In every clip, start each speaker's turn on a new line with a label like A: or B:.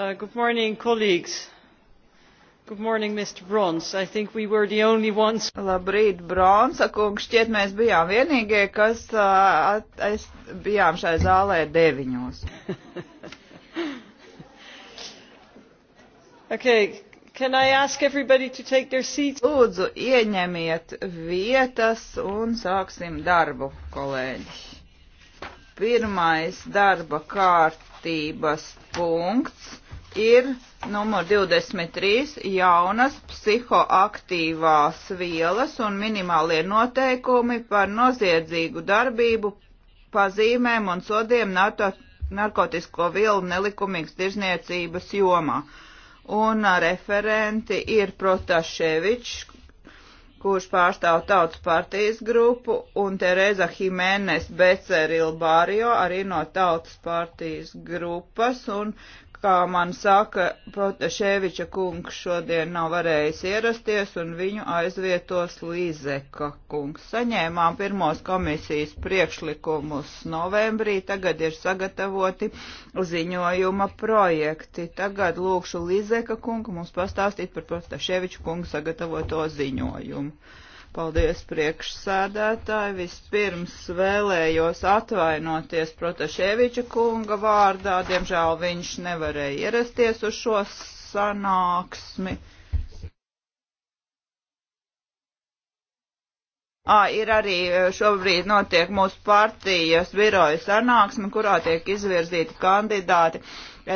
A: Uh, good morning, colleagues. Good morning, Mr. Brons. I think we were the only ones. Labrīt, Bronsa kungs. Šķiet, mēs bijām vienīgie, kas uh, at, es, bijām šai zālē deviņos. okay, Can I ask everybody to take their seats? Lūdzu, ieņemiet vietas un sāksim darbu, kolēģi. Pirmais darba kārtības punkts ir numur 23 jaunas psihoaktīvās vielas un minimālie noteikumi par noziedzīgu darbību, pazīmēm un sodiem NATO, narkotisko vielu nelikumīgas tirzniecības jomā. Un referenti ir Protaševičs, kurš pārstāv Tautas partijas grupu, un Tereza Jimenez Beceril Bārio arī no Tautas partijas grupas, un kā man saka, Protaševiča kungs šodien nav varējis ierasties un viņu aizvietos Līzeka kungs. Saņēmām pirmos komisijas priekšlikumus novembrī, tagad ir sagatavoti ziņojuma projekti. Tagad lūkšu Līzeka kungu mums pastāstīt par Protaševiča kungu sagatavoto ziņojumu. Paldies priekšsēdētāji. Vispirms vēlējos atvainoties Protaševiča kunga vārdā. Diemžēl viņš nevarēja ierasties uz šo sanāksmi. Ā, ir arī šobrīd notiek mūsu partijas biroja sanāksme, kurā tiek izvirzīti kandidāti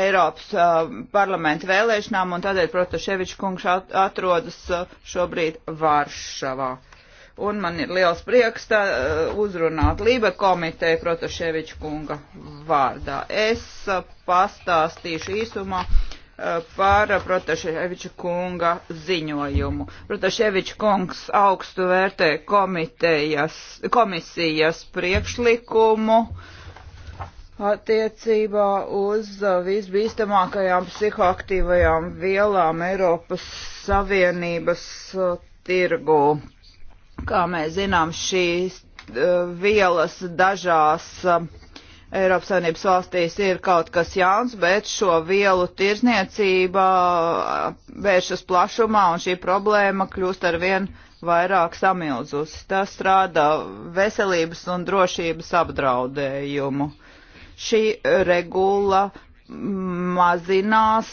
A: Eiropas uh, parlamenta vēlēšanām, un tādēļ Protaševičs kungs at atrodas uh, šobrīd Varšavā. Un man ir liels prieks tā, uh, uzrunāt Lība komiteju Protaševiča kunga vārdā. Es uh, pastāstīšu īsumā uh, par Protaševiča kunga ziņojumu. Protaševiča kungs augstu vērtē komisijas priekšlikumu attiecībā uz visbīstamākajām psihoaktīvajām vielām Eiropas Savienības uh, tirgu. Kā mēs zinām, šīs uh, vielas dažās uh, Eiropas Savienības valstīs ir kaut kas jauns, bet šo vielu tirzniecība vēršas plašumā un šī problēma kļūst ar vien vairāk samilzusi. Tas rada veselības un drošības apdraudējumu. Šī regula mazinās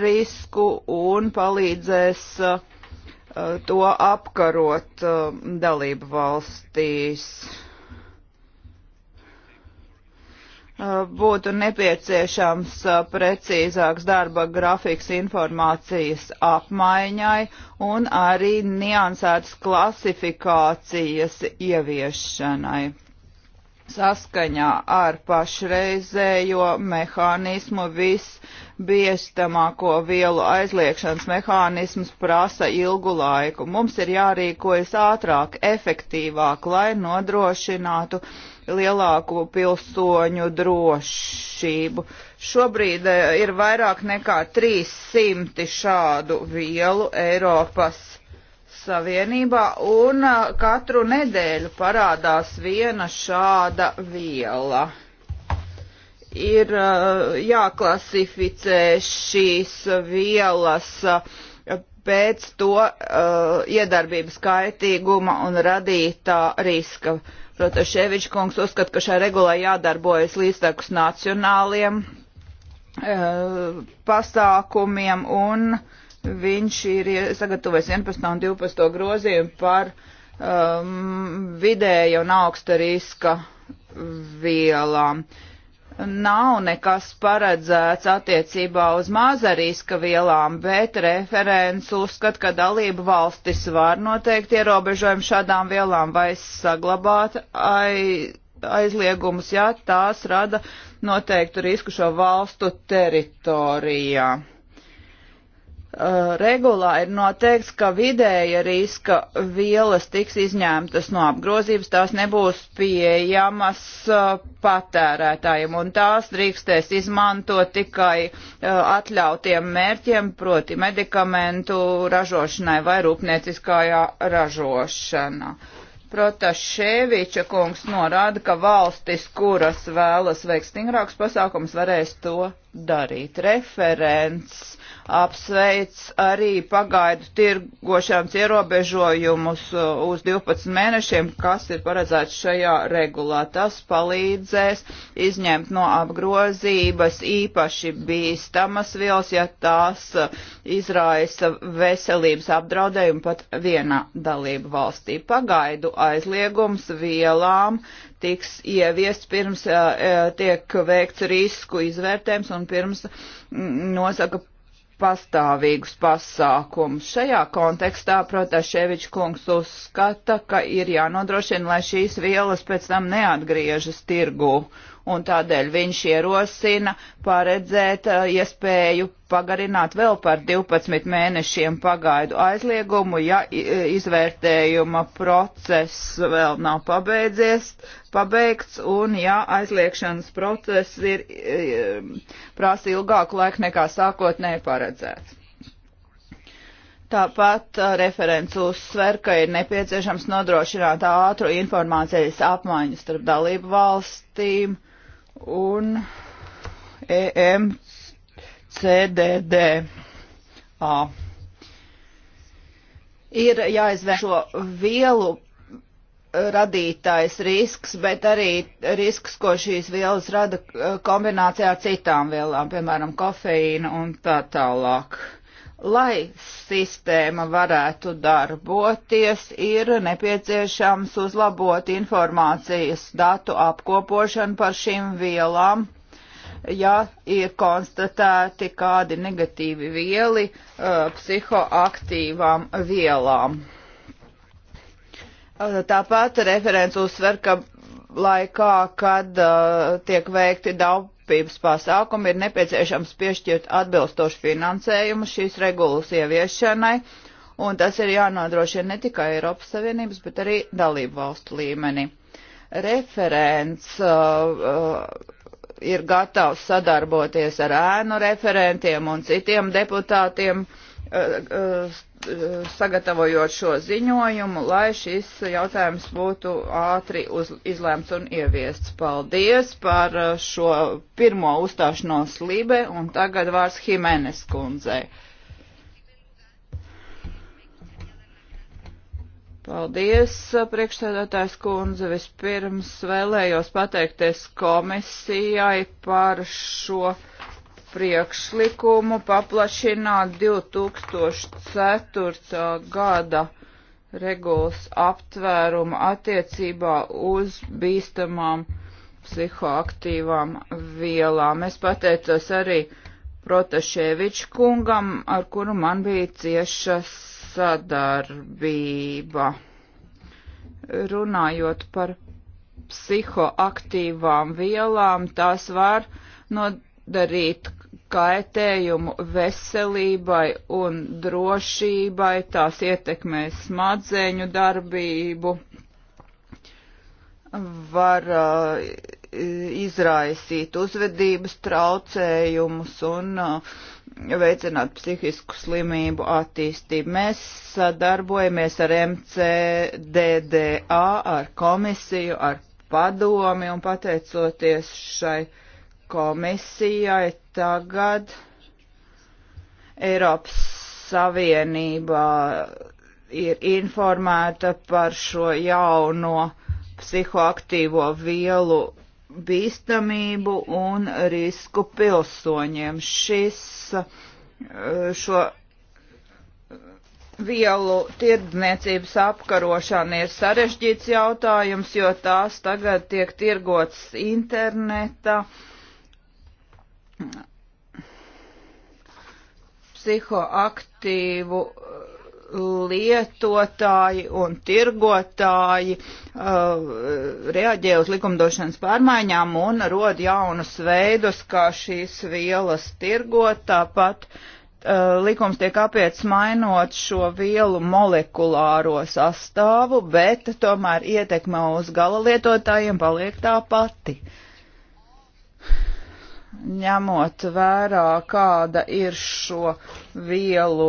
A: risku un palīdzēs uh, to apkarot uh, dalību valstīs Uh, būtu nepieciešams uh, precīzāks darba grafiks informācijas apmaiņai un arī niansētas klasifikācijas ieviešanai. Saskaņā ar pašreizējo mehānismu visbiestamāko vielu aizliekšanas mehānisms prasa ilgu laiku. Mums ir jārīkojas ātrāk, efektīvāk, lai nodrošinātu uh, lielāku pilsoņu drošību. Šobrīd eh, ir vairāk nekā 300 šādu vielu Eiropas Savienībā, un eh, katru nedēļu parādās viena šāda viela. Ir eh, jāklasificē šīs vielas uh, pēc to uh, iedarbības kaitīguma un radītā riska. Protams, Ševičs kungs uzskata, ka šai regulai jādarbojas līdztekus nacionāliem uh, pasākumiem, un viņš ir sagatavojis 11. un 12. grozījumu par um, vidēja un augsta riska vielām. Uh, nav nekas paredzēts attiecībā uz maza riska vielām, bet referents uzskat, ka dalību valstis var noteikt ierobežojumu šādām vielām vai saglabāt aizliegumus, ja tās rada noteiktu risku šo valstu teritorijā. Uh, regulā ir noteikts, ka vidēja riska vielas tiks izņemtas no apgrozības, tās nebūs pieejamas uh, patērētājiem, un tās drīkstēs izmantot tikai uh, atļautiem mērķiem, proti medikamentu ražošanai vai rūpnieciskajā ražošanā. Protaševiča kungs norāda, ka valstis, kuras vēlas veikt stingrākus pasākumus, varēs to darīt. Referents apsveic arī pagaidu tirgošanas ierobežojumus uh, uz 12 mēnešiem, kas ir paredzēts šajā regulā. Tas palīdzēs izņemt no apgrozības īpaši bīstamas vielas, ja tās uh, izraisa veselības apdraudējumu pat vienā dalību valstī. Pagaidu aizliegums vielām tiks ieviests pirms uh, tiek veikts risku izvērtējums un pirms mm, nosaka pastāvīgus pasākumus. Šajā kontekstā Protaševičs kungs uzskata, ka ir jānodrošina, lai šīs vielas pēc tam neatgriežas tirgu un tādēļ viņš ierosina paredzēt eh, iespēju pagarināt vēl par 12 mēnešiem pagaidu aizliegumu, ja izvērtējuma process vēl nav pabeidzies, pabeigts un ja aizliekšanas process ir, prasa ilgāku laiku nekā sākotnēji paredzēts. Tāpat eh, referents uzsver, ka ir nepieciešams nodrošināt ātru informācijas apmaiņu starp dalību valstīm un EMCDDA. Ir jāizvērš šo vielu radītājs risks, bet arī risks, ko šīs vielas rada kombinācijā ar citām vielām, piemēram, kofeīnu un tā tālāk. Lai sistēma varētu darboties, ir nepieciešams uzlabot informācijas datu apkopošanu par šīm vielām, ja ir konstatēti kādi negatīvi vieli uh, psihoaktīvām vielām. Uh, tāpat referents uzsver, ka laikā, kad uh, tiek veikti daudz taupības pasākumi, ir nepieciešams piešķirt atbilstošu finansējumu šīs regulas ieviešanai, un tas ir jānodrošina ne tikai Eiropas Savienības, bet arī dalību valstu līmenī. Referents uh, uh, ir gatavs sadarboties ar ēnu referentiem un citiem deputātiem. Uh, sagatavojot šo ziņojumu, lai šis jautājums būtu ātri uz, izlēmts un ieviests. Paldies par uh, šo pirmo uzstāšanos Libe un tagad vārds Himenes kundzei. Paldies, uh, priekšsēdētājs kundze. Vispirms vēlējos pateikties komisijai par šo priekšlikumu paplašināt 2004. gada regulas aptvērumu attiecībā uz bīstamām psihoaktīvām vielām. Es pateicos arī Protaševiču kungam, ar kuru man bija cieša sadarbība. Runājot par psihoaktīvām vielām, tās var nodarīt kaitējumu veselībai un drošībai, tās ietekmē smadzeņu darbību, var uh, izraisīt uzvedības traucējumus un uh, veicināt psihisku slimību attīstību. Mēs sadarbojamies ar MCDDA, ar komisiju, ar padomi un pateicoties šai uh, komisijai tagad Eiropas Savienībā ir informēta par šo jauno psihoaktīvo vielu bīstamību un risku pilsoņiem. Šis šo vielu tirdzniecības apkarošana ir sarežģīts jautājums, jo tās tagad tiek tirgotas internetā. Uh, psihoaktīvu uh, lietotāji un tirgotāji uh, reaģē uz likumdošanas pārmaiņām un rod jaunus veidus, kā šīs vielas tirgot. Tāpat uh, likums tiek apiets mainot šo vielu molekulāro sastāvu, bet tomēr ietekme uz gala lietotājiem paliek tā pati. Uh, ņemot vērā, kāda ir šo vielu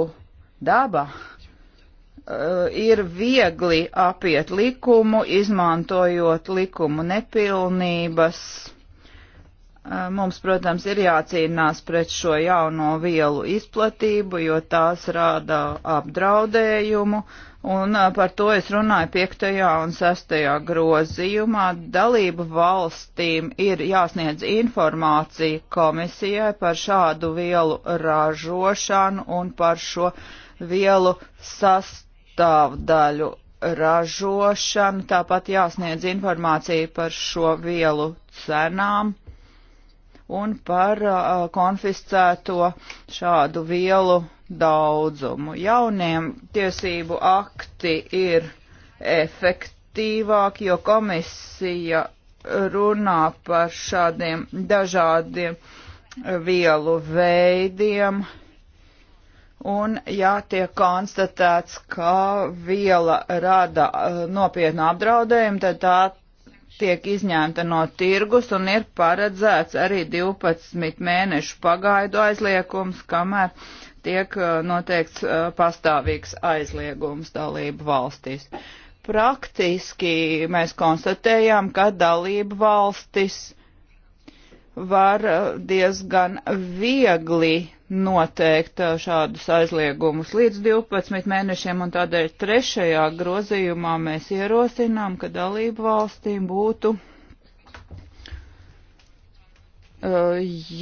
A: daba, eh, ir viegli apiet likumu, izmantojot likumu nepilnības Eh, mums, protams, ir jācīnās pret šo jauno vielu izplatību, jo tās rāda apdraudējumu, un eh, par to es runāju 5. un 6. grozījumā. Dalību valstīm ir jāsniedz informācija komisijai par šādu vielu ražošanu un par šo vielu sastāvdaļu ražošanu, tāpat jāsniedz informācija par šo vielu cenām un par uh, konfiscēto šādu vielu daudzumu. Jauniem tiesību akti ir efektīvāki, jo komisija runā par šādiem dažādiem uh, vielu veidiem. Un, ja tiek konstatēts, ka viela rada uh, nopietnu apdraudējumu, tad tā tiek izņemta no tirgus un ir paredzēts arī 12 mēnešu pagaidu aizliekums, kamēr tiek uh, noteikts uh, pastāvīgs aizliegums dalību valstīs. Praktiski mēs konstatējām, ka dalību valstis var uh, diezgan viegli noteikt uh, šādus aizliegumus līdz 12 mēnešiem, un tādēļ trešajā grozījumā mēs ierosinām, ka dalību valstīm būtu uh,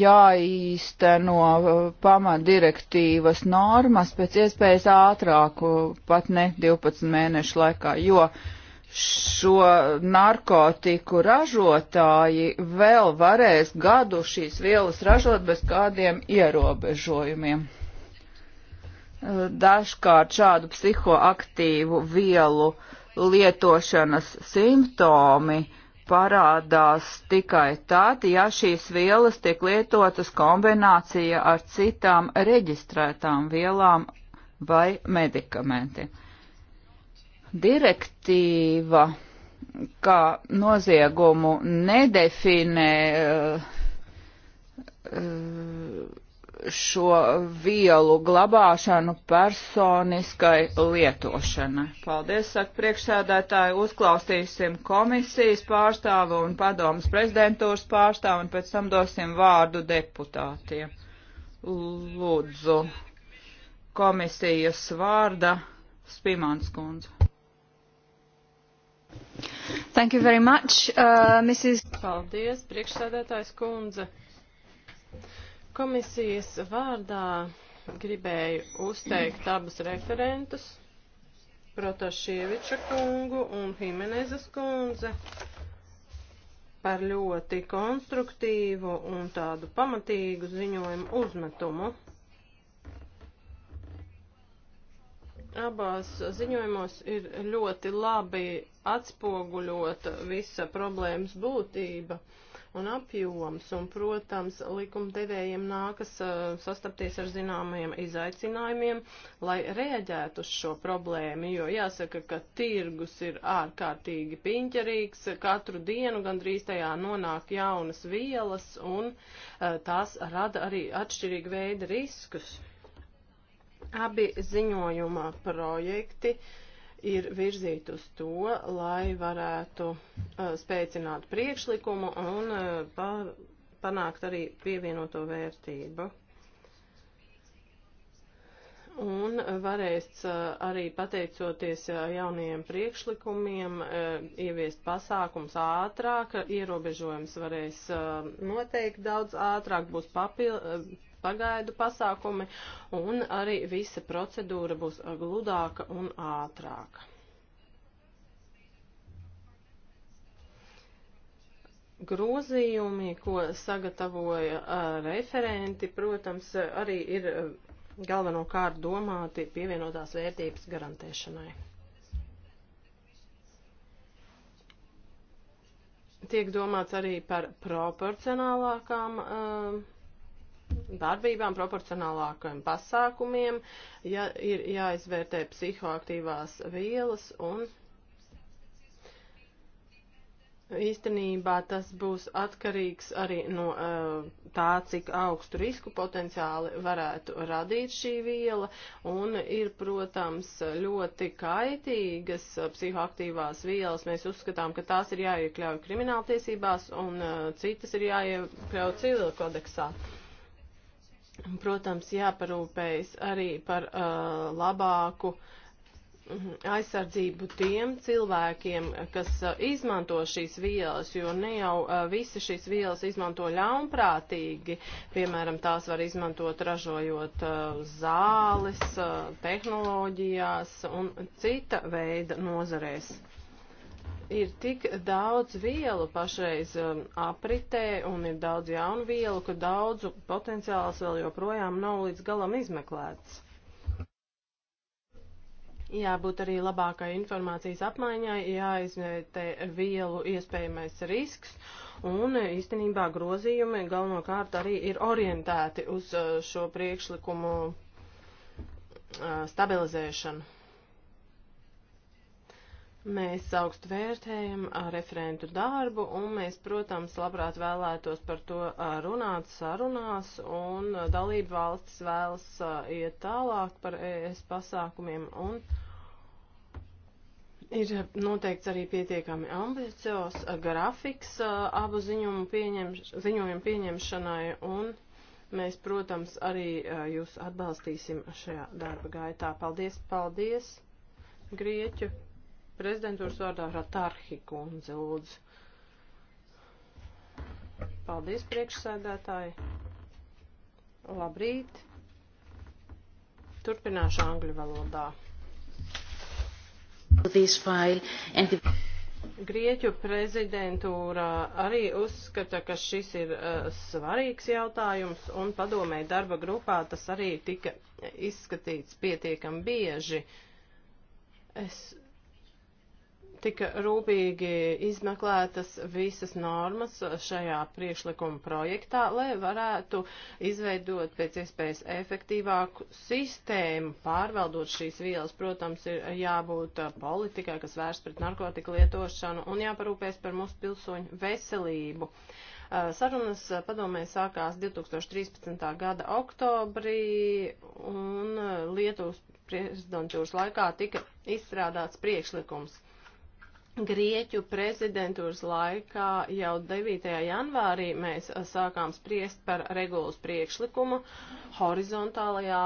A: jāīsteno uh, pamatdirektīvas normas pēc iespējas ātrāk, pat ne 12 mēnešu laikā, jo uh, šo narkotiku ražotāji vēl varēs gadu šīs vielas ražot bez kādiem ierobežojumiem. Dažkārt šādu psihoaktīvu vielu lietošanas simptomi parādās tikai tad, ja šīs vielas tiek lietotas kombinācija ar citām reģistrētām vielām vai medikamentiem direktīva, kā noziegumu nedefinē eh, šo vielu glabāšanu personiskai lietošanai. Paldies, saka priekšsēdētāji, uzklausīsim komisijas pārstāvu un padomas prezidentūras pārstāvu un pēc tam dosim vārdu deputātiem. Lūdzu, komisijas vārda Spimāns kundze. Thank you very much, uh, Mrs.
B: Paldies, priekšsēdētājs kundze. Komisijas vārdā gribēju uzteikt abus referentus, Protašieviča kungu un Himenezas kundze, par ļoti konstruktīvu un tādu pamatīgu ziņojumu uzmetumu. Abās ziņojumos ir ļoti labi atspoguļota visa problēmas būtība un apjoms, un, protams, likumdevējiem nākas uh, sastapties ar zināmajiem izaicinājumiem, lai reaģētu uz šo problēmu, jo jāsaka, ka tirgus ir ārkārtīgi piņķerīgs, katru dienu gandrīz tajā nonāk jaunas vielas, un uh, tās rada arī atšķirīgi veidi riskus. Abi ziņojuma projekti uh, ir virzīt uz to, lai varētu uh, spēcināt priekšlikumu un uh, par, panākt arī pievienoto vērtību. Un varēs uh, arī pateicoties jaunajiem priekšlikumiem ieviest pasākums ātrāk, ierobežojums varēs noteikt daudz ātrāk, būs papil pagaidu pasākumi, un arī visa procedūra būs gludāka un ātrāka. Grozījumi, ko sagatavoja uh, referenti, protams, arī ir uh, galvenokārt domāti pievienotās vērtības garantēšanai. Tiek domāts arī par proporcionālākām uh, darbībām, proporcionālākiem pasākumiem, ja ir jāizvērtē psihoaktīvās vielas un Īstenībā tas būs atkarīgs arī no eh, tā, cik augstu risku potenciāli varētu radīt šī viela, un ir, protams, ļoti kaitīgas psihoaktīvās vielas. Mēs uzskatām, ka tās ir jāiekļauj krimināltiesībās, un eh, citas ir jāiekļauj civilkodeksā. kodeksā. Protams, jāparūpējas arī par uh, labāku mhm, aizsardzību tiem cilvēkiem, kas uh, izmanto šīs vielas, jo ne jau uh, visi šīs vielas izmanto ļaunprātīgi. Piemēram, tās var izmantot ražojot uh, zāles, uh, tehnoloģijās un cita veida nozarēs ir tik daudz vielu pašreiz um, apritē un ir daudz jaunu vielu, ka daudzu potenciāls vēl joprojām nav līdz galam izmeklēts. Jābūt arī labākai informācijas apmaiņai, jāizvērtē vielu iespējamais risks, un īstenībā grozījumi galvenokārt arī ir orientēti uz uh, šo priekšlikumu uh, stabilizēšanu. Mēs augstu vērtējam referentu darbu un mēs, protams, labprāt vēlētos par to runāt sarunās un dalību valstis vēlas iet tālāk par ES pasākumiem un ir noteikts arī pietiekami ambiciozs grafiks abu ziņojumu, pieņem, ziņojumu pieņemšanai un mēs, protams, arī jūs atbalstīsim šajā darba gaitā. Paldies, paldies, Grieķu! Prezidentūras vārdā Ratārhi kundze lūdzu. Paldies, priekšsēdētāji. Labrīt. Turpināšu angļu valodā. Grieķu prezidentūra arī uzskata, ka šis ir uh, svarīgs jautājums, un padomē darba grupā tas arī tika izskatīts pietiekam bieži. Es tika rūpīgi izmeklētas visas normas šajā priekšlikuma projektā, lai varētu izveidot pēc iespējas efektīvāku sistēmu pārvaldot šīs vielas. Protams, ir jābūt politikai, kas vērst pret narkotiku lietošanu un jāparūpēs par mūsu pilsoņu veselību. Uh, sarunas padomē sākās 2013. gada oktobrī un uh, Lietuvas prezidentūras laikā tika izstrādāts priekšlikums. Grieķu prezidentūras laikā jau 9. janvārī mēs sākām spriest par regulas priekšlikumu horizontālajā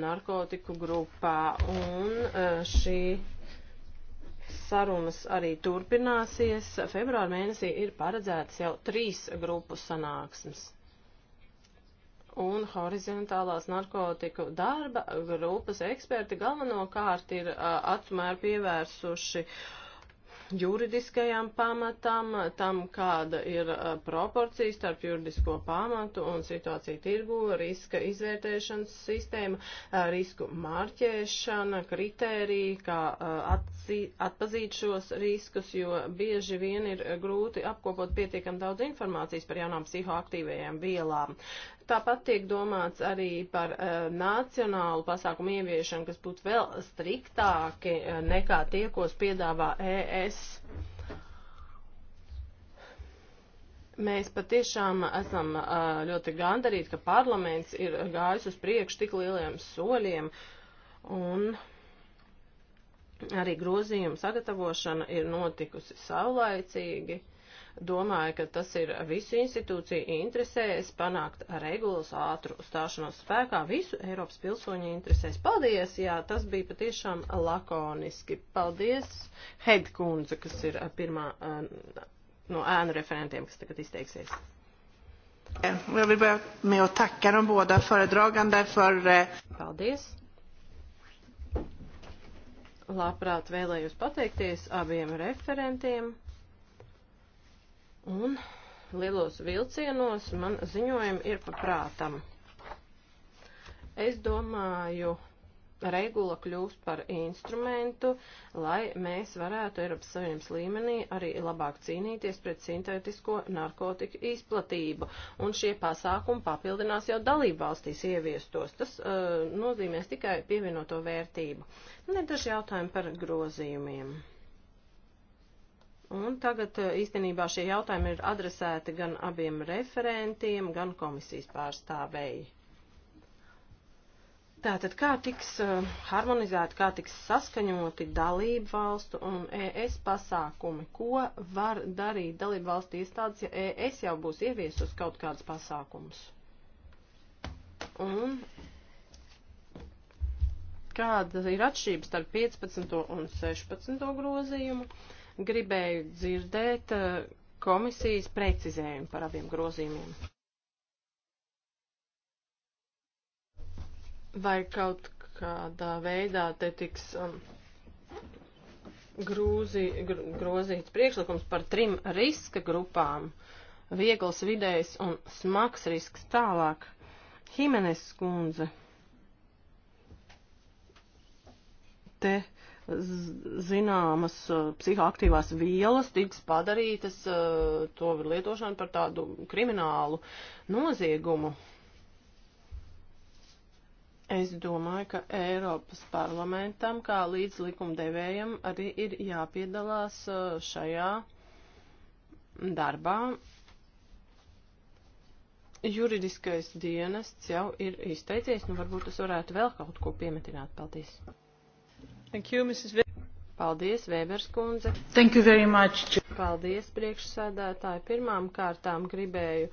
B: narkotiku grupā, un e, šī sarunas arī turpināsies. Februāra mēnesī ir paredzētas jau trīs grupu sanāksmes un horizontālās narkotiku darba grupas eksperti galvenokārt ir e, atmēr pievērsuši uh, juridiskajam pamatam, tam, kāda ir uh, proporcija starp juridisko pamatu un situāciju tirgu, riska izvērtēšanas sistēma, uh, risku mārķēšana, kritērija, kā uh, atzi, atpazīt šos riskus, jo bieži vien ir grūti apkopot pietiekam daudz informācijas par jaunām psihoaktīvajām vielām. Tāpat tiek domāts arī par uh, nacionālu pasākumu ieviešanu, kas būtu vēl striktāki uh, nekā tie, ko piedāvā ES. Mēs patiešām esam uh, ļoti gandarīti, ka parlaments ir gājis uz priekšu tik lieliem soļiem un arī grozījuma sagatavošana ir notikusi saulaicīgi. Uh, Domāju, ka tas ir visu institūciju interesēs panākt regulas ātru stāšanos spēkā visu Eiropas pilsoņu interesēs. Paldies! Jā, tas bija patiešām lakoniski. Paldies, Hedkundze, kas ir uh, pirmā uh, no ēnu referentiem, kas tagad izteiksies. Jag vill börja med att tacka de båda föredragande för... Eh, Paldies! Labprāt vēlējos pateikties abiem referentiem. Un lielos vilcienos man ziņojumi ir paprātam. Es domāju, regula kļūst par instrumentu, lai mēs varētu Eiropas Savienības līmenī arī labāk cīnīties pret sintētisko narkotiku izplatību. Un šie pasākumi papildinās jau dalību valstīs ieviestos. Tas uh, nozīmēs tikai pievienoto vērtību. Un ir daži jautājumi par grozījumiem. Un tagad eh, īstenībā šie jautājumi ir adresēti gan abiem referentiem, gan komisijas pārstāvēji. Tātad, kā tiks eh, harmonizēti, kā tiks saskaņoti dalību valstu un ES pasākumi? Ko var darīt dalību valstu iestādes, ja ES jau būs ieviesus kaut kādus pasākumus? Un kāda ir atšķirība starp 15. un 16. grozījumu? Uh, Gribēju dzirdēt eh, komisijas precizējumu par abiem grozījumiem. Vai kaut kādā veidā te tiks um, grūzi, gr grozīts priekšlikums par trim riska grupām - viegls, vidējs un smags risks tālāk. Himenes skundze. Te zināmas uh, psihoaktīvās vielas tiks padarītas uh, to lietošanu par tādu kriminālu noziegumu. Es domāju, ka Eiropas parlamentam kā līdz likumdevējam arī ir jāpiedalās uh, šajā darbā. Juridiskais dienests jau ir izteicies, nu varbūt es varētu vēl kaut ko piemetināt. Paldies! Thank you, Mrs. V Paldies, Vēbers kundze. Thank you very much. Paldies, priekšsēdētāji. Pirmām kārtām gribēju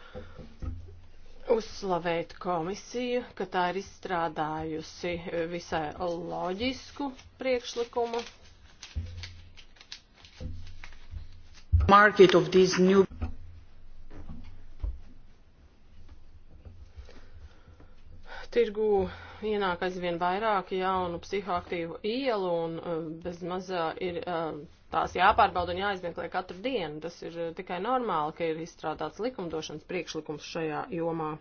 B: uzslavēt komisiju, ka tā ir izstrādājusi visai loģisku priekšlikumu.
A: Market of these new
B: tirgu ienāk aizvien vairāk jaunu psihoaktīvu ielu un uh, bez mazā uh, ir uh, tās jāpārbauda un jāizmeklē katru dienu. Tas ir tikai normāli, ka ir izstrādāts likumdošanas priekšlikums šajā jomā.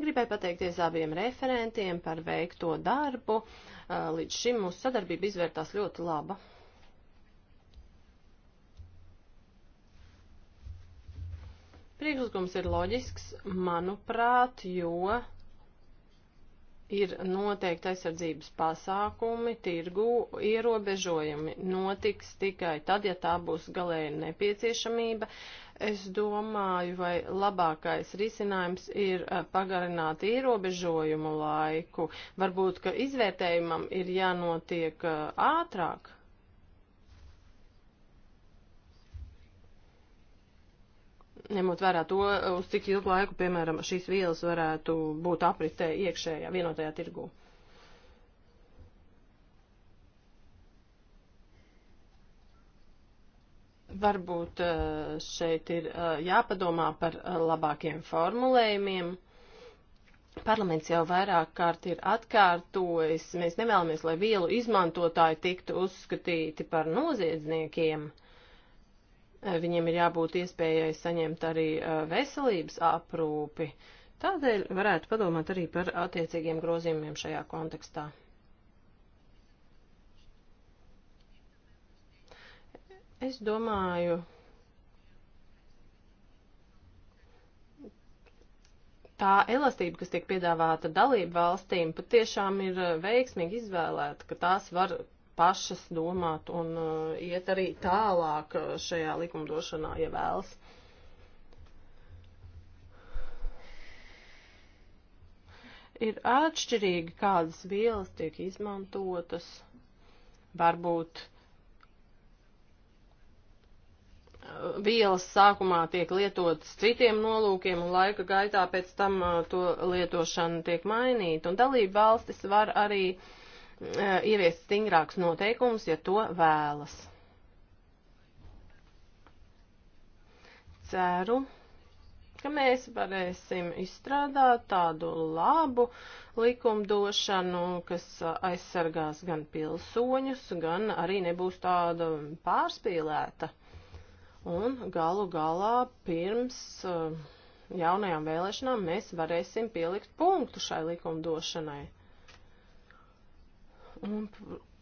B: Gribēju pateikties abiem referentiem par veikto darbu. Līdz šim mūsu sadarbība izvērtās ļoti laba. Priekšlikums ir loģisks, manuprāt, jo ir noteikti aizsardzības pasākumi, tirgu ierobežojumi notiks tikai tad, ja tā būs galēja nepieciešamība. Es domāju, vai labākais risinājums ir eh, pagarināt ierobežojumu laiku. Varbūt, ka izvērtējumam ir jānotiek eh, ātrāk. ņemot vērā to, uz cik ilgu laiku, piemēram, šīs vielas varētu būt apritē iekšējā vienotajā tirgū. Varbūt eh, šeit ir eh, jāpadomā par eh, labākiem formulējumiem. Parlaments jau vairāk kārt ir atkārtojis, mēs nevēlamies, lai vielu izmantotāji tiktu uzskatīti par noziedzniekiem. Uh, Eh, viņiem ir jābūt iespējai saņemt arī eh, veselības aprūpi. Tādēļ varētu padomāt arī par attiecīgiem grozījumiem šajā kontekstā. Es domāju, tā elastība, kas tiek piedāvāta dalību valstīm, patiešām ir eh, veiksmīgi izvēlēta, ka tās var pašas domāt un uh, iet arī tālāk uh, šajā likumdošanā, ja vēlas. Ir atšķirīgi, kādas vielas tiek izmantotas. Varbūt uh, vielas sākumā tiek lietotas citiem nolūkiem un laika gaitā pēc tam to lietošana tiek mainīta. Un dalība valstis var arī uh, Eh, ieviest stingrākus noteikumus, ja to vēlas. Ceru, ka mēs varēsim izstrādāt tādu labu likumdošanu, kas aizsargās gan pilsoņus, gan arī nebūs tāda pārspīlēta. Un galu galā pirms eh, jaunajām vēlēšanām mēs varēsim pielikt punktu šai likumdošanai. Un,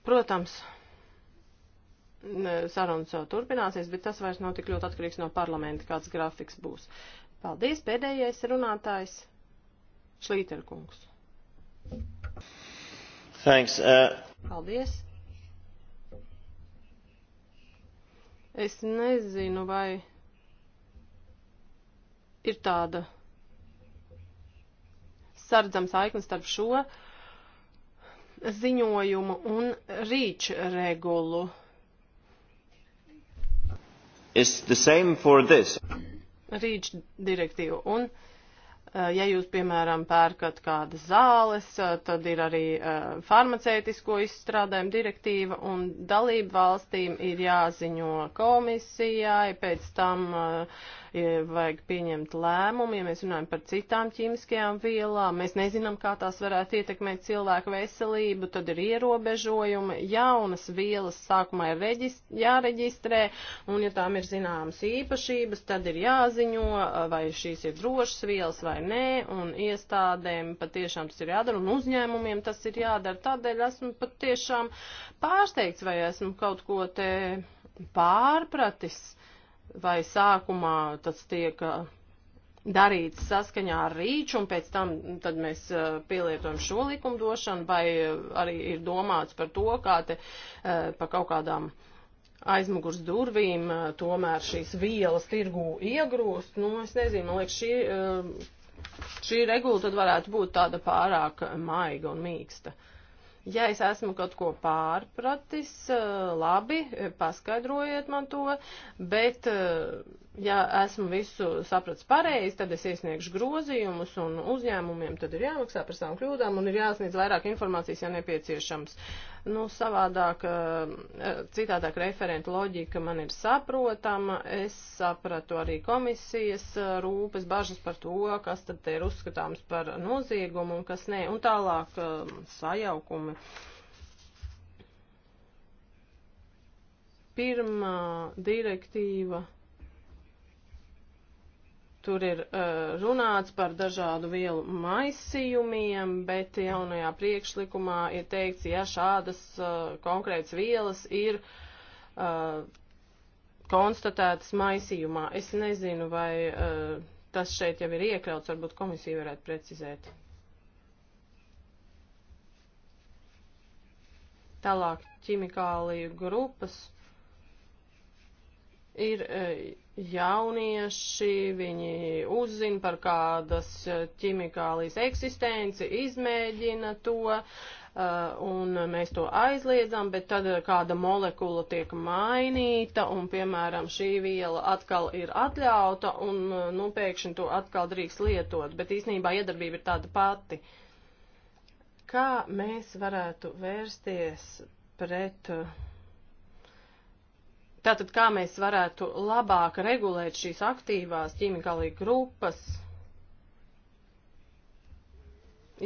B: protams, sarunas jau turpināsies, bet tas vairs nav tik ļoti atkarīgs no parlamenta, kāds grafiks būs. Paldies, pēdējais runātājs Šlīterkungs.
C: Thanks. Uh...
B: Paldies. Es nezinu, vai ir tāda sardzama saikne starp šo uh, ziņojumu un rīč regulu. Rīč direktīvu. Un, eh, ja jūs, piemēram, pērkat kādas zāles, eh, tad ir arī eh, farmaceitisko izstrādājumu direktīva, un dalību valstīm ir jāziņo komisijai, pēc tam uh, E, vajag pieņemt lēmumu, ja mēs runājam par citām ķīmiskajām vielām, mēs nezinām, kā tās varētu ietekmēt cilvēku veselību, tad ir ierobežojumi, jaunas vielas sākumā ir reģist, jāreģistrē, un ja tām ir zināmas īpašības, tad ir jāziņo, e, vai šīs ir drošas vielas vai nē, un iestādēm patiešām tas ir jādara, un uzņēmumiem tas ir jādara. Tādēļ esmu patiešām pārsteigts, vai esmu kaut ko te pārpratis vai sākumā tas tiek uh, darīts saskaņā ar rīču, un pēc tam mm, tad mēs uh, pielietojam šo likumdošanu, vai uh, arī ir domāts par to, kā te pa kaut kādām aizmugurs durvīm tomēr šīs vielas tirgū iegrūst. Nu, es nezinu, man liekas, šī, šī regula tad varētu būt tāda pārāk maiga un mīksta. Uh, Ja es esmu kaut ko pārpratis, eh, labi, paskaidrojiet man to, bet eh, ja esmu visu sapratis pareizi, tad es iesniegšu grozījumus un uzņēmumiem tad ir jāmaksā par savām kļūdām un ir jāsniedz vairāk informācijas, ja nepieciešams. Nu, savādāk, eh, citādāk referenta loģika man ir saprotama. Es sapratu arī komisijas eh, rūpes, bažas par to, kas tad ir uzskatāms par noziegumu un kas nē. Un tālāk eh, sajaukumi. Pirmā direktīva Tur ir uh, runāts par dažādu vielu maisījumiem, bet jaunajā priekšlikumā ir teikts, ja šādas uh, konkrētas vielas ir uh, konstatētas maisījumā. Es nezinu, vai uh, tas šeit jau ir iekļauts, varbūt komisija varētu precizēt. Tālāk ķimikāliju grupas ir e, jaunieši, viņi uzzina par kādas e, ķimikālijas eksistenci, izmēģina to, e, un mēs to aizliedzam, bet tad kāda molekula tiek mainīta, un, piemēram, šī viela atkal ir atļauta, un, nu, pēkšņi to atkal drīkst lietot, bet īsnībā iedarbība ir tāda pati. Kā mēs varētu vērsties pret uh, Tātad, kā mēs varētu labāk regulēt šīs aktīvās ķīmikālija grupas,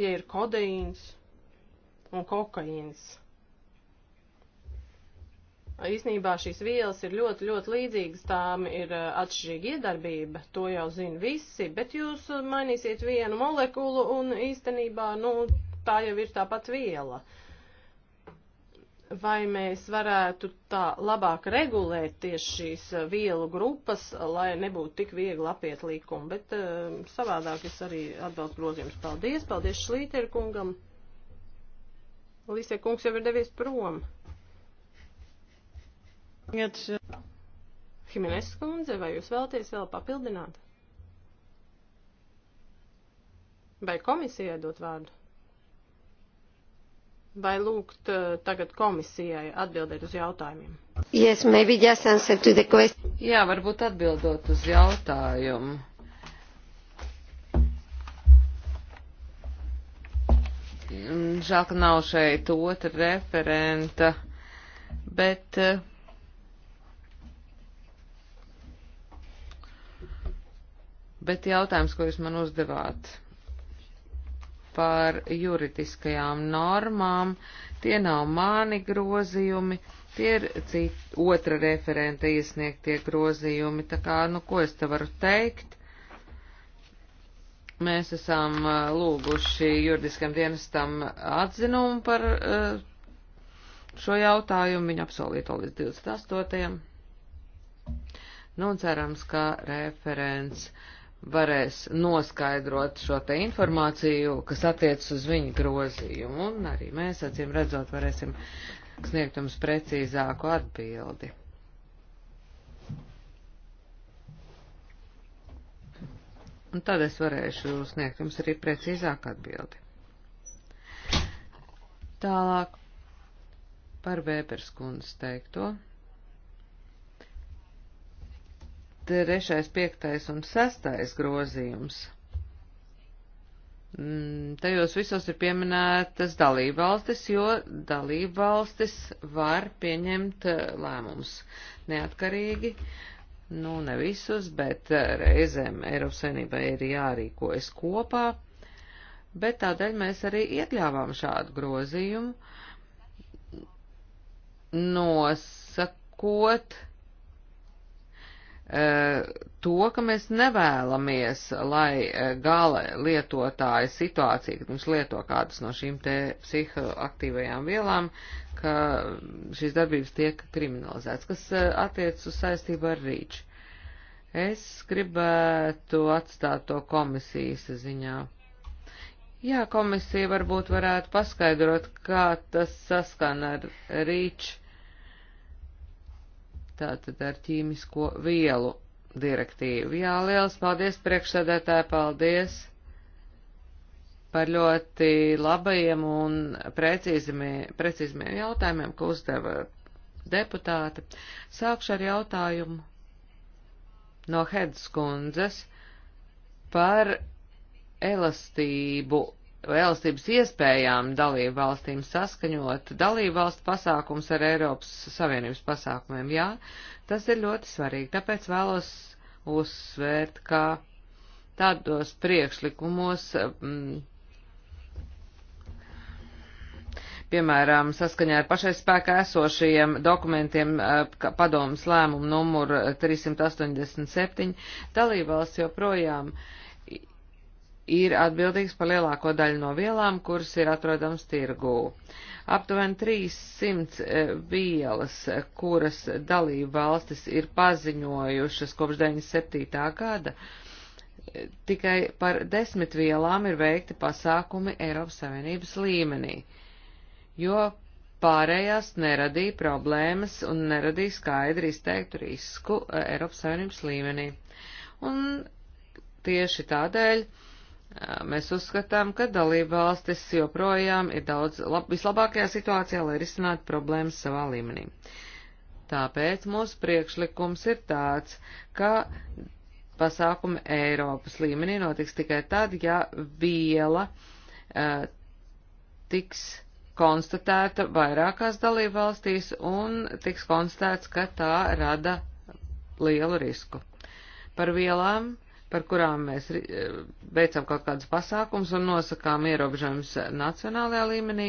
B: ja ir kodeīns un kokaīns. Īsnībā šīs vielas ir ļoti, ļoti līdzīgas, tām ir atšķirīga iedarbība, to jau zina visi, bet jūs mainīsiet vienu molekulu un īstenībā, nu, tā jau ir tā pat viela. Uh, vai mēs varētu tā labāk regulēt tieši šīs eh, vielu grupas, lai nebūtu tik viegli apiet likumu, bet uh, savādāk es arī atbalstu grozījumus. Paldies, paldies Šlīteru kungam. Līsie kungs jau ir devies prom. Himenes eh, kundze, vai jūs vēlties vēl papildināt? Vai komisijai dot vārdu? vai lūgt uh, tagad komisijai atbildēt uz jautājumiem? Yes, maybe just answer to the question. Jā, varbūt atbildot uz
D: jautājumu. Mm, žēl, ka nav šeit otra referenta, bet. Uh, bet jautājums, ko jūs man uzdevāt par juridiskajām normām. Tie nav mani grozījumi, tie ir cit, otra referenta iesniegtie grozījumi. Tā kā, nu, ko es te varu teikt? Mēs esam lūguši juridiskam dienestam atzinumu par šo jautājumu. Viņa apsolīja to līdz 28. Nu, un cerams, ka referents uh, varēs noskaidrot šo te informāciju, kas attiec uz viņu grozījumu, un arī mēs, acīm redzot, varēsim sniegt jums precīzāku atbildi. Un tad es varēšu sniegt jums arī precīzāku atbildi. Tālāk par Vēperskundas teikto. Trešais, piektais un sestais grozījums. Mm, tajos visos ir pieminētas dalībvalstis, jo dalībvalstis var pieņemt eh, lēmumus neatkarīgi, nu ne visus, bet eh, reizēm Eiropas Savienībai ir jārīkojas kopā, bet tādēļ mēs arī iekļāvām šādu grozījumu, nosakot, E, to, ka mēs nevēlamies, lai e, gala lietotāja situācija, kad viņš lieto kādas no šīm te psihoaktīvajām vielām, ka šīs darbības tiek kriminalizētas, kas e, attiec uz saistību ar rīču. Es gribētu atstāt to komisijas ziņā. Jā, komisija varbūt varētu paskaidrot, kā tas saskan ar rīču tātad ar ķīmisko vielu direktīvu. Jā, liels paldies priekšsēdētāji, paldies par ļoti labajiem un precīzmiem jautājumiem, ko uzdeva deputāti. Sākšu ar jautājumu no Hedas kundzes par elastību elastības iespējām dalību valstīm saskaņot dalību valstu pasākums ar Eiropas Savienības pasākumiem. Jā, tas ir ļoti svarīgi, tāpēc vēlos uzsvērt, ka tādos priekšlikumos, m, mm, piemēram, saskaņā ar pašai spēkā esošajiem dokumentiem eh, padomas lēmumu numuru 387, dalībvalsts joprojām ir atbildīgs par lielāko daļu no vielām, kuras ir atrodams tirgū. Aptuveni 300 eh, vielas, kuras dalību valstis ir paziņojušas kopš 97. gada, eh, tikai par desmit vielām ir veikti pasākumi Eiropas Savienības līmenī, jo pārējās neradīja problēmas un neradīja skaidri izteiktu risku eh, Eiropas Savienības līmenī. Un tieši tādēļ uh, Mēs uzskatām, ka dalība valstis joprojām ir daudz lab, vislabākajā situācijā, lai risinātu problēmas savā līmenī. Tāpēc mūsu priekšlikums ir tāds, ka pasākumi Eiropas līmenī notiks tikai tad, ja viela uh, tiks konstatēta vairākās dalību valstīs un tiks konstatēts, ka tā rada lielu risku. Par vielām par kurām mēs e, veicam kaut kādus pasākums un nosakām ierobežojumus nacionālajā līmenī.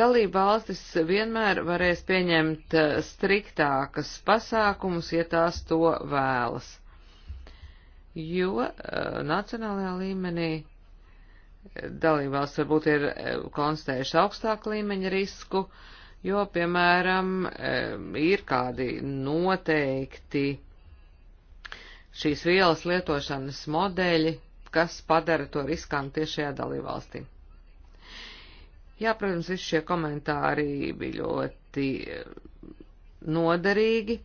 D: Dalība valstis vienmēr varēs pieņemt e, striktākas pasākumus, ja tās to vēlas, jo e, nacionālajā līmenī dalībvalsts varbūt ir konstatējuši augstāku līmeņa risku, uh, jo, piemēram, ir kādi noteikti šīs vielas lietošanas modeļi, kas padara to riskantu tieši šajā dalībvalstī. Jā, protams, visi šie komentāri bija ļoti noderīgi.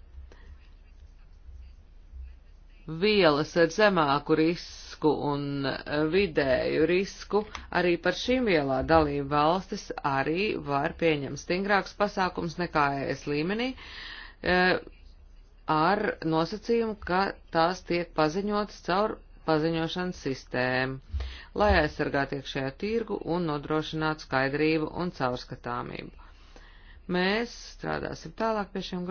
D: Vielas ar zemāku risku risku un e, vidēju risku, arī par šīm vielā dalību valstis arī var pieņemt stingrākus pasākums nekā ES līmenī, e, ar nosacījumu, ka tās tiek paziņotas caur paziņošanas sistēmu, lai aizsargātu iekšējā tirgu un nodrošinātu skaidrību un caurskatāmību. Mēs strādāsim tālāk pie šiem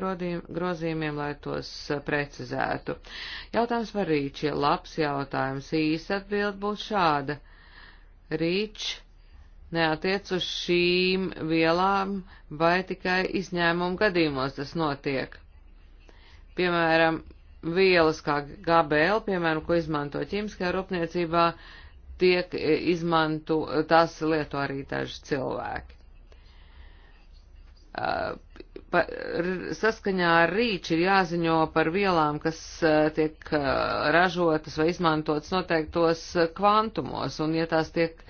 D: grozījumiem, lai tos eh, precizētu. Jautājums par rīčie. Labs jautājums. Īsa atbild būtu šāda. Rīč neatiec uz šīm vielām vai tikai izņēmumu gadījumos tas notiek. Piemēram, vielas kā GBL, piemēram, ko izmanto ķīmiskajā rūpniecībā, tiek eh, izmanto, tās lieto arī daži cilvēki pa, saskaņā ar rīču ir jāziņo par vielām, kas e, tiek e, ražotas vai izmantotas noteiktos e, kvantumos, un ja tās tiek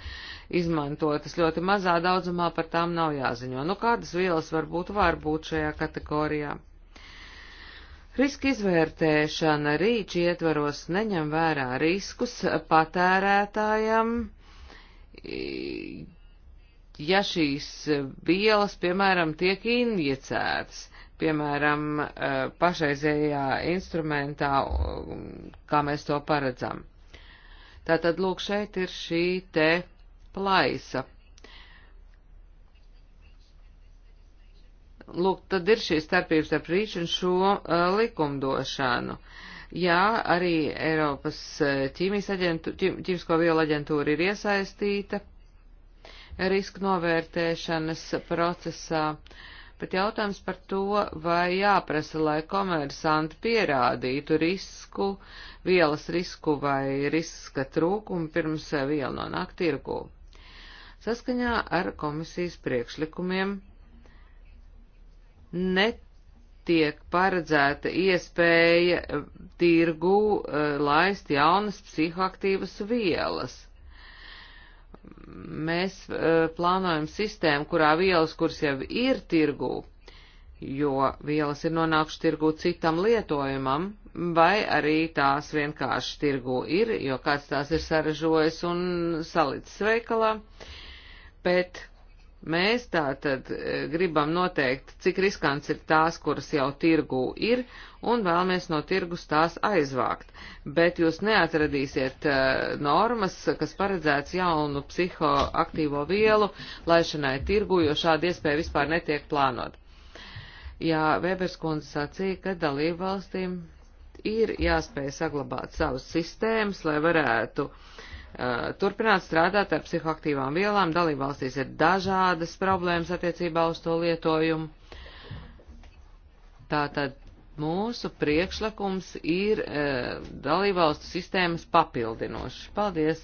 D: izmantotas ļoti mazā daudzumā, par tām nav jāziņo. Nu, kādas vielas varbūt var būt šajā kategorijā? Riska izvērtēšana rīči ietvaros neņem vērā riskus patērētājam, ja šīs eh, vielas, piemēram, tiek injicētas, piemēram, eh, pašreizējā instrumentā, eh, kā mēs to paredzam. Tātad, lūk, šeit ir šī te plaisa. Lūk, tad ir šī starpības starp rīču un šo uh, likumdošanu. Jā, arī Eiropas ķīmijas aģentūra, ķīmisko vielu aģentūra ir iesaistīta riska novērtēšanas procesā. Bet jautājums par to, vai jāprasa, lai komersanti pierādītu risku, vielas risku vai riska trūkumu pirms viela nonāk tirgū. Saskaņā ar komisijas priekšlikumiem netiek paredzēta iespēja tirgu eh, laist jaunas psihoaktīvas vielas mēs uh, plānojam sistēmu, kurā vielas, kuras jau ir tirgū, jo vielas ir nonākušas tirgū citam lietojumam, vai arī tās vienkārši tirgū ir, jo kāds tās ir saražojis un salicis veikalā, bet Mēs tātad e, gribam noteikt, cik riskants ir tās, kuras jau tirgū ir, un vēlamies no tirgus tās aizvākt. Bet jūs neatradīsiet e, normas, kas paredzēts jaunu psihoaktīvo vielu laišanai tirgū, jo šāda iespēja vispār netiek plānot. Jā, Weberskundze sacīja, ka dalību valstīm ir jāspēj saglabāt savas sistēmas, lai varētu uh, Eh, turpināt strādāt ar psihoaktīvām vielām. Dalībvalstīs ir dažādas problēmas attiecībā uz to lietojumu. Tātad mūsu priekšlikums ir e, dalībvalstu sistēmas papildinošs. Paldies!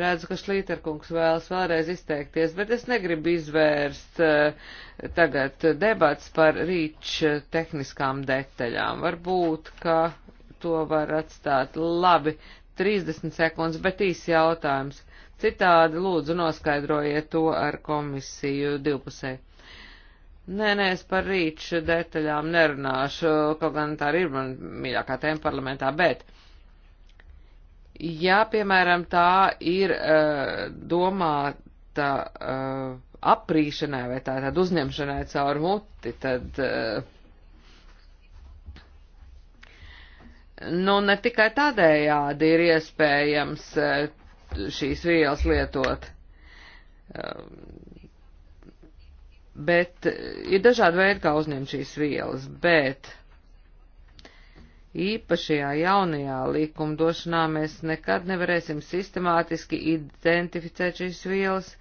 D: Redzu, ka Šlīterkungs vēlas vēlreiz izteikties, bet es negribu izvērst e, tagad debats par rīč tehniskām detaļām. Varbūt, ka to var atstāt labi 30 sekundes, bet īsi jautājums. Citādi lūdzu noskaidrojiet to ar komisiju divpusē. Nē, nē, es par rīču detaļām nerunāšu, kaut gan tā ir man mīļākā tēma parlamentā, bet, ja, piemēram, tā ir uh, domāta uh, aprīšanai vai tā, tad uzņemšanai caur muti, tad. Uh, Nu, ne tikai tādējādi ir iespējams eh, šīs vielas lietot, ehm, bet eh, ir dažādi veidi, kā uzņemt šīs vielas, bet īpašajā jaunajā likumdošanā mēs nekad nevarēsim sistemātiski identificēt šīs vielas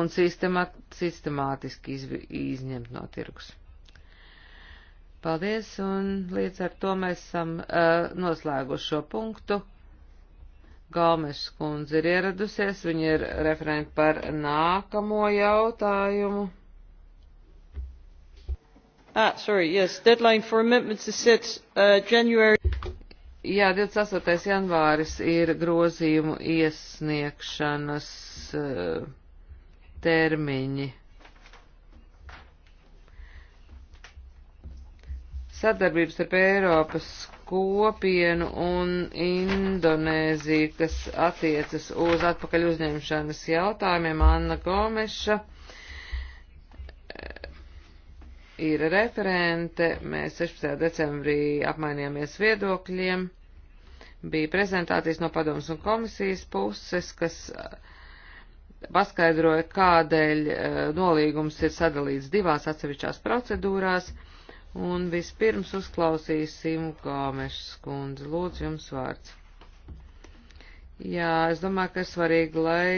D: un sistemātiski izņemt no tirgus. Paldies, un līdz ar to mēs esam uh, noslēguši šo punktu. Galmeša kundze ir ieradusies, viņa ir referenti par nākamo jautājumu. Ah, sorry, yes, deadline for amendments is set uh, January. Jā, 28. janvāris ir grozījumu iesniegšanas uh, termiņi. sadarbības starp Eiropas kopienu un Indonēziju, kas attiecas uz atpakaļ uzņemšanas jautājumiem. Anna Gomeša eh, ir referente. Mēs 16. decembrī apmainījāmies viedokļiem. Bija prezentācijas no padomas un komisijas puses, kas eh, paskaidroja, kādēļ eh, nolīgums ir sadalīts divās atsevišķās procedūrās. Uh, Un vispirms uzklausīsim Gāmešas kundzi. Lūdzu, jums vārds. Jā, es domāju, ka ir svarīgi, lai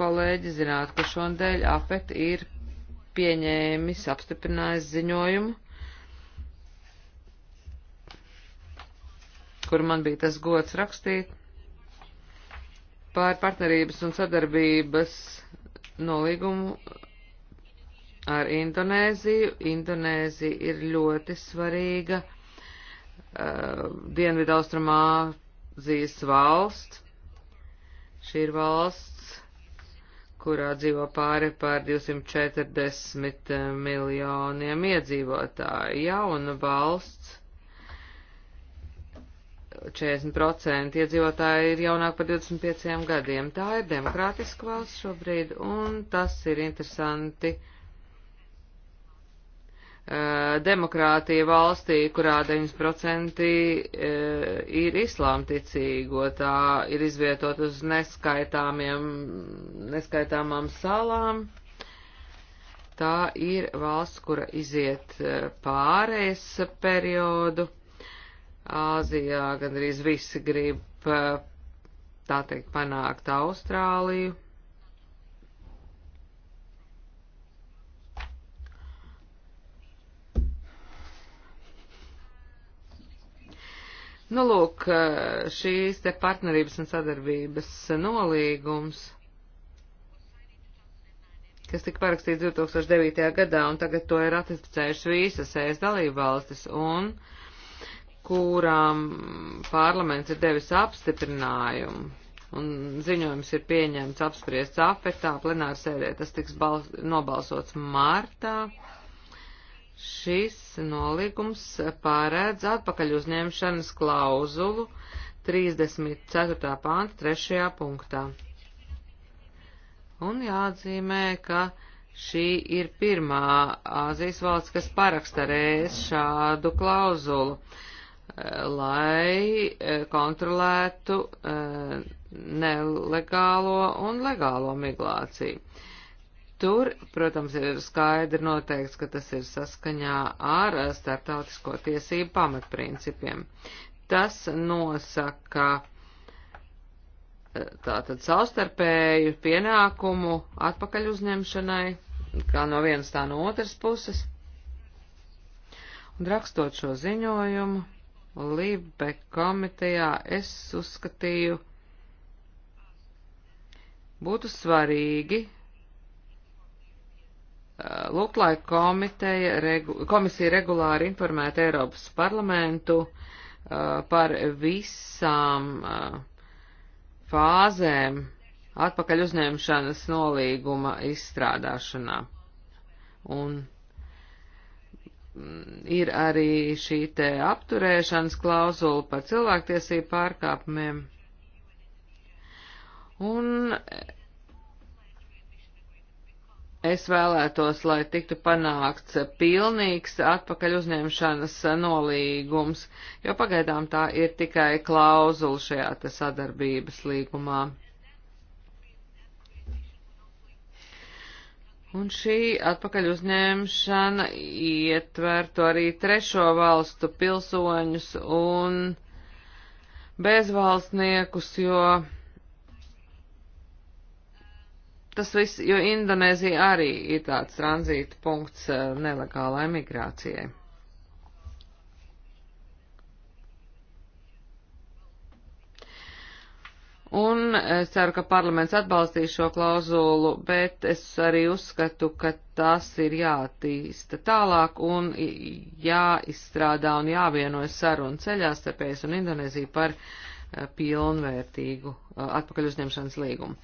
D: kolēģi zinātu, ka šodien APET ir pieņēmis, apstiprinājis ziņojumu, kur man bija tas gods rakstīt par partnerības un sadarbības nolīgumu ar Indonēziju. Indonēzija ir ļoti svarīga uh, Dienvidaustrumāzijas valsts. Šī ir valsts, kurā dzīvo pāri par 240 miljoniem iedzīvotāju. Jauna valsts. 40% iedzīvotāji ir jaunāk par 25 gadiem. Tā ir demokrātiska valsts šobrīd, un tas ir interesanti uh, Eh, demokrātija valstī, kurā 9% eh, ir islāmticīgo, tā ir izvietot uz neskaitāmiem, neskaitāmām salām. Tā ir valsts, kura iziet eh, pārējais periodu. Āzijā gandrīz visi grib, tā teikt, panākt Austrāliju. Nu, lūk, eh, šīs te partnerības un sadarbības nolīgums, kas tika parakstīts 2009. gadā, un tagad to ir ratificējuši visas ES dalībvalstis, un kurām parlaments ir devis apstiprinājumu un ziņojums ir pieņemts apspriests apetā, plenārsēdē tas tiks bals, nobalsots martā. Šis nolīgums pārēdz atpakaļ uzņemšanas klauzulu 34. pānta 3. punktā. Un jāatzīmē, ka šī ir pirmā Āzijas valsts, kas paraksta reiz šādu klauzulu, lai eh, kontrolētu eh, nelegālo un legālo migrāciju. Tur, protams, ir skaidri noteikts, ka tas ir saskaņā ar eh, startautisko tiesību pamatprincipiem. Tas nosaka eh, tātad savstarpēju pienākumu atpakaļ uzņemšanai, kā no vienas tā no otras puses. Un rakstot šo ziņojumu, Libe komitejā es uzskatīju, būtu svarīgi Eh, Lūklaika komiteja, regu, komisija regulāri informēta Eiropas parlamentu eh, par visām eh, fāzēm atpakaļ uzņemšanas nolīguma izstrādāšanā. Un mm, ir arī šī te apturēšanas klauzula par cilvēktiesību pārkāpumiem. Un Es vēlētos, lai tiktu panākts pilnīgs atpakaļ uzņemšanas nolīgums, jo pagaidām tā ir tikai klauzula šajā te sadarbības līgumā. Un šī atpakaļ uzņemšana ietvertu arī trešo valstu pilsoņus un bezvalstniekus, jo tas viss, jo Indonēzija arī ir tāds tranzīta punkts eh, nelegālai migrācijai. Un es ceru, ka parlaments atbalstīs šo klauzulu, bet es arī uzskatu, ka tas ir jātīsta tālāk un jāizstrādā un jāvienojas sarunu ceļā starp ES un Indonēziju par eh, pilnvērtīgu eh, atpakaļ uzņemšanas līgumu.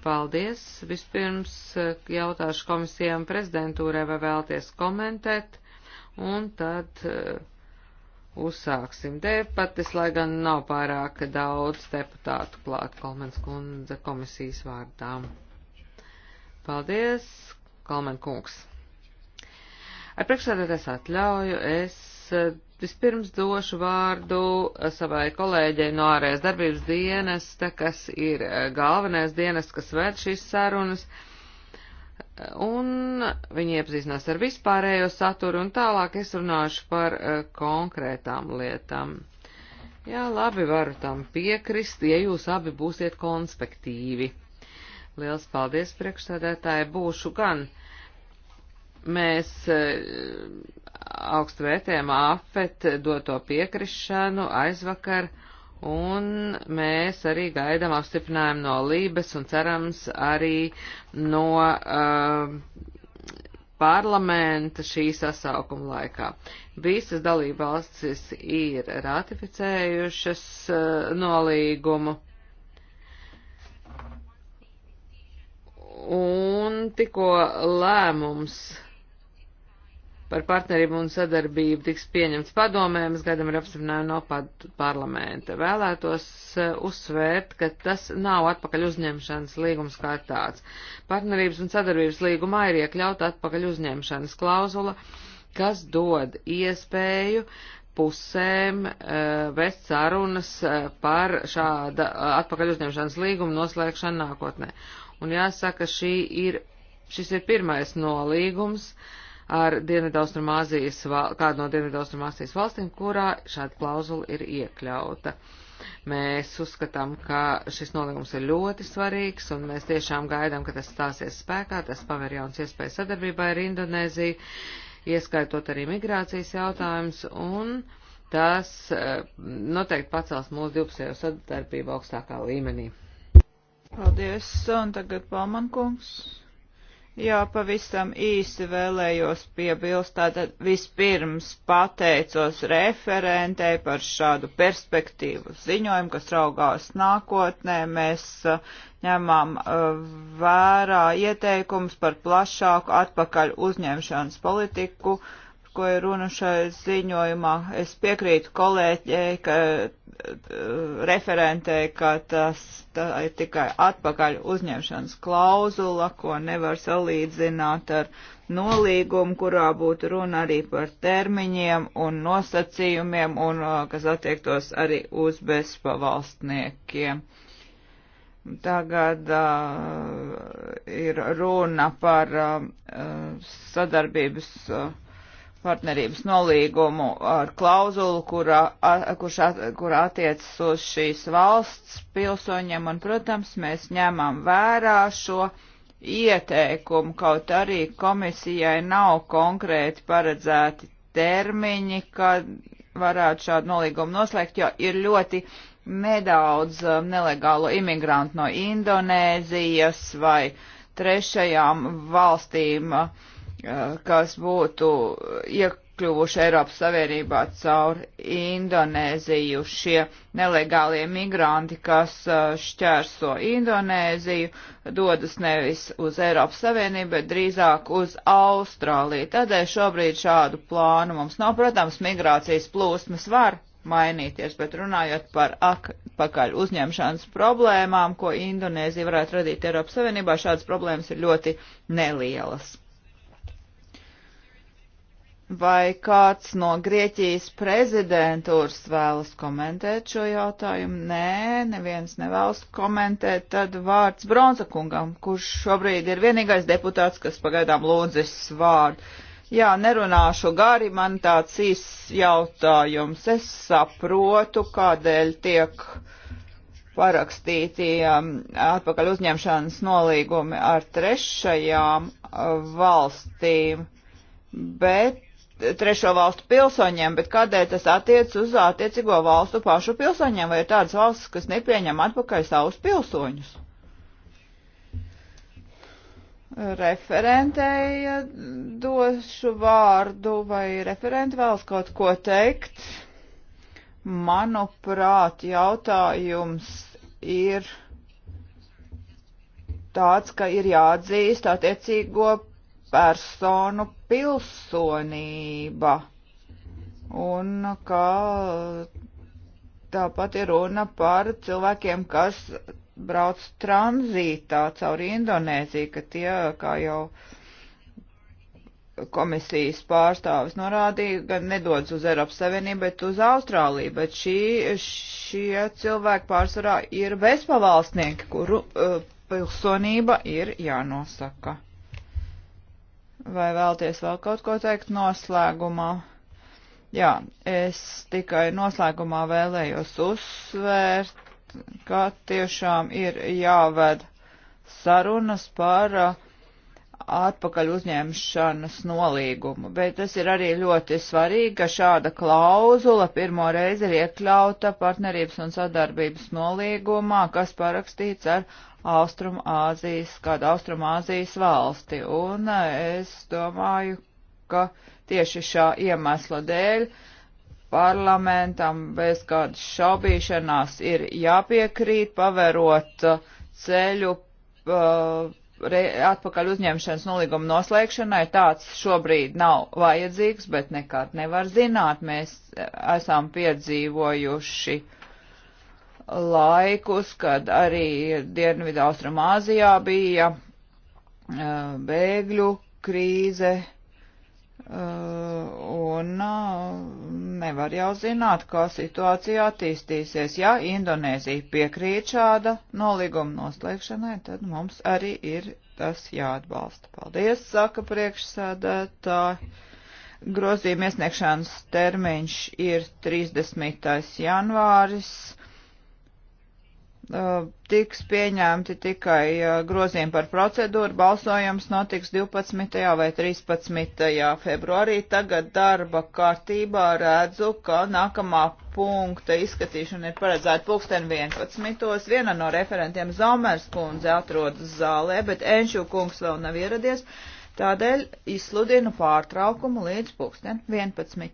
D: Paldies. Vispirms eh, jautāšu komisijām prezidentūrai, vai vēlties komentēt, un tad eh, uzsāksim debates, lai gan nav pārāk daudz deputātu klāt Kalmens kundze komisijas vārdām. Paldies, Kalmen kungs. Ar priekšsēdētājs atļauju es Eh, vispirms došu vārdu eh, savai kolēģei no ārējās darbības dienesta, kas ir eh, galvenais dienests, kas ved šīs sarunas, un viņi iepazīstinās ar vispārējo saturu, un tālāk es runāšu par konkrētām lietām. Jā, labi, varu tam piekrist, ja jūs abi būsiet konspektīvi. Liels paldies, priekšsēdētāji, būšu gan. Uh, Mēs e, augstu vērtējam AFET doto piekrišanu aizvakar, un mēs arī gaidām apstiprinājumu no Lībes un cerams arī no uh, parlamenta šī sasaukuma laikā. Visas dalībvalstis ir ratificējušas uh, nolīgumu. Un tikko lēmums par partnerību un sadarbību tiks pieņemts padomē, mēs gaidām ir apstiprinājumi no parlamenta. Vēlētos e, uzsvērt, ka tas nav atpakaļ uzņemšanas līgums kā tāds. Partnerības un sadarbības līgumā ir iekļauta atpakaļ uzņemšanas klauzula, kas dod iespēju pusēm uh, vest sarunas uh, par šāda uh, atpakaļ uzņemšanas līguma noslēgšanu nākotnē. Un jāsaka, šī ir, šis ir pirmais nolīgums, uh, ar Dienvidaustrumāzijas, kādu no Dienvidaustrumāzijas valstīm, kurā šāda klauzula ir iekļauta. Mēs uzskatām, ka šis nolīgums ir ļoti svarīgs, un mēs tiešām gaidām, ka tas stāsies spēkā, tas paver jauns iespējas sadarbībai ar Indonēziju, ieskaitot arī migrācijas jautājums, un tas eh, noteikti pacels mūsu divpusējo sadarbību augstākā līmenī.
A: Paldies, un tagad Palmankungs. Jā, pavisam īsi vēlējos piebilst, tātad vispirms pateicos referentei par šādu perspektīvu ziņojumu, kas raugās nākotnē. Mēs uh, ņemam uh, vērā ieteikums par plašāku atpakaļ uzņemšanas politiku, uh, ko ir runa šai ziņojumā. Es piekrītu kolēģei, ka eh, referentei, ka tas ir tikai atpakaļ uzņemšanas klauzula, ko nevar salīdzināt ar nolīgumu, kurā būtu runa arī par termiņiem un nosacījumiem, un eh, kas attiektos arī uz bezpavalstniekiem. Tagad uh, ir runa par uh, sadarbības uh, partnerības nolīgumu ar klauzulu, kurā, kurš, kurā attiecas uz šīs valsts pilsoņiem, un, protams, mēs ņemam vērā šo ieteikumu, kaut arī komisijai nav konkrēti paredzēti termiņi, kad varētu šādu nolīgumu noslēgt, jo ir ļoti nedaudz um, nelegālo imigrantu no Indonēzijas vai trešajām valstīm. Uh, kas būtu iekļuvuši Eiropas Savienībā caur Indonēziju, šie nelegālie migranti, kas šķērso Indonēziju, dodas nevis uz Eiropas Savienību, bet drīzāk uz Austrāliju. Tādēļ šobrīd šādu plānu mums nav. Protams, migrācijas plūsmas var mainīties, bet runājot par atpakaļ uzņemšanas problēmām, ko Indonēzija varētu radīt Eiropas Savienībā, šādas problēmas ir ļoti nelielas. Vai kāds no Grieķijas prezidentūras vēlas komentēt šo jautājumu? Nē, neviens nevēlas komentēt. Tad vārds Bronza kungam, kurš šobrīd ir vienīgais deputāts, kas pagaidām lūdzis vārdu. Jā, nerunāšu gari, man tāds īsts jautājums. Es saprotu, kādēļ tiek parakstīti um, atpakaļ uzņemšanas nolīgumi ar trešajām uh, valstīm, bet trešo valstu pilsoņiem, bet kādēļ tas attiec uz attiecīgo valstu pašu pilsoņiem, vai ir tādas valstis, kas nepieņem atpakaļ savus pilsoņus? Referentēja došu vārdu, vai referenti vēlas kaut ko teikt? Manuprāt, jautājums ir tāds, ka ir jāatzīst attiecīgo personu pilsonība un ka tāpat ir runa par cilvēkiem, kas brauc tranzītā cauri Indonēziju, ka tie, kā jau komisijas pārstāvis norādīja, gan nedodas uz Eiropas Savienību, bet uz Austrāliju, bet šī, šie cilvēki pārsvarā ir bezpavalstnieki, kuru uh, pilsonība ir jānosaka. Vai vēlties vēl kaut ko teikt noslēgumā? Jā, es tikai noslēgumā vēlējos uzsvērt, ka tiešām ir jāved sarunas par uh, atpakaļ uzņemšanas nolīgumu, bet tas ir arī ļoti svarīgi, ka šāda klauzula pirmo reizi ir iekļauta partnerības un sadarbības nolīgumā, kas parakstīts ar Austrumāzijas, kādu Austrumāzijas valsti. Un e, es domāju, ka tieši šā iemesla dēļ parlamentam bez kādas šaubīšanās ir jāpiekrīt, paverot ceļu uh, re, atpakaļ uzņemšanas nolīguma noslēgšanai tāds šobrīd nav vajadzīgs, bet nekad nevar zināt. Mēs e, esam piedzīvojuši laikus, kad arī Dienvidu Austrumāzijā bija e, bēgļu krīze Eh, un eh, nevar jau zināt, kā situācija attīstīsies. Ja Indonēzija piekrīt šāda nolīguma noslēgšanai, tad mums arī ir tas jāatbalsta. Paldies, saka priekšsēdētāji. Grozījuma iesniegšanas termiņš ir 30. janvāris Uh, tiks pieņemti tikai uh, grozījumi par procedūru. Balsojums notiks 12. vai 13. februārī. Tagad darba kārtībā redzu, ka nākamā punkta izskatīšana ir paredzēta pulksten 11. Viena no referentiem Zaumers kundze atrodas zālē, bet Enšu kungs vēl nav ieradies. Tādēļ izsludinu pārtraukumu līdz pulksten 11.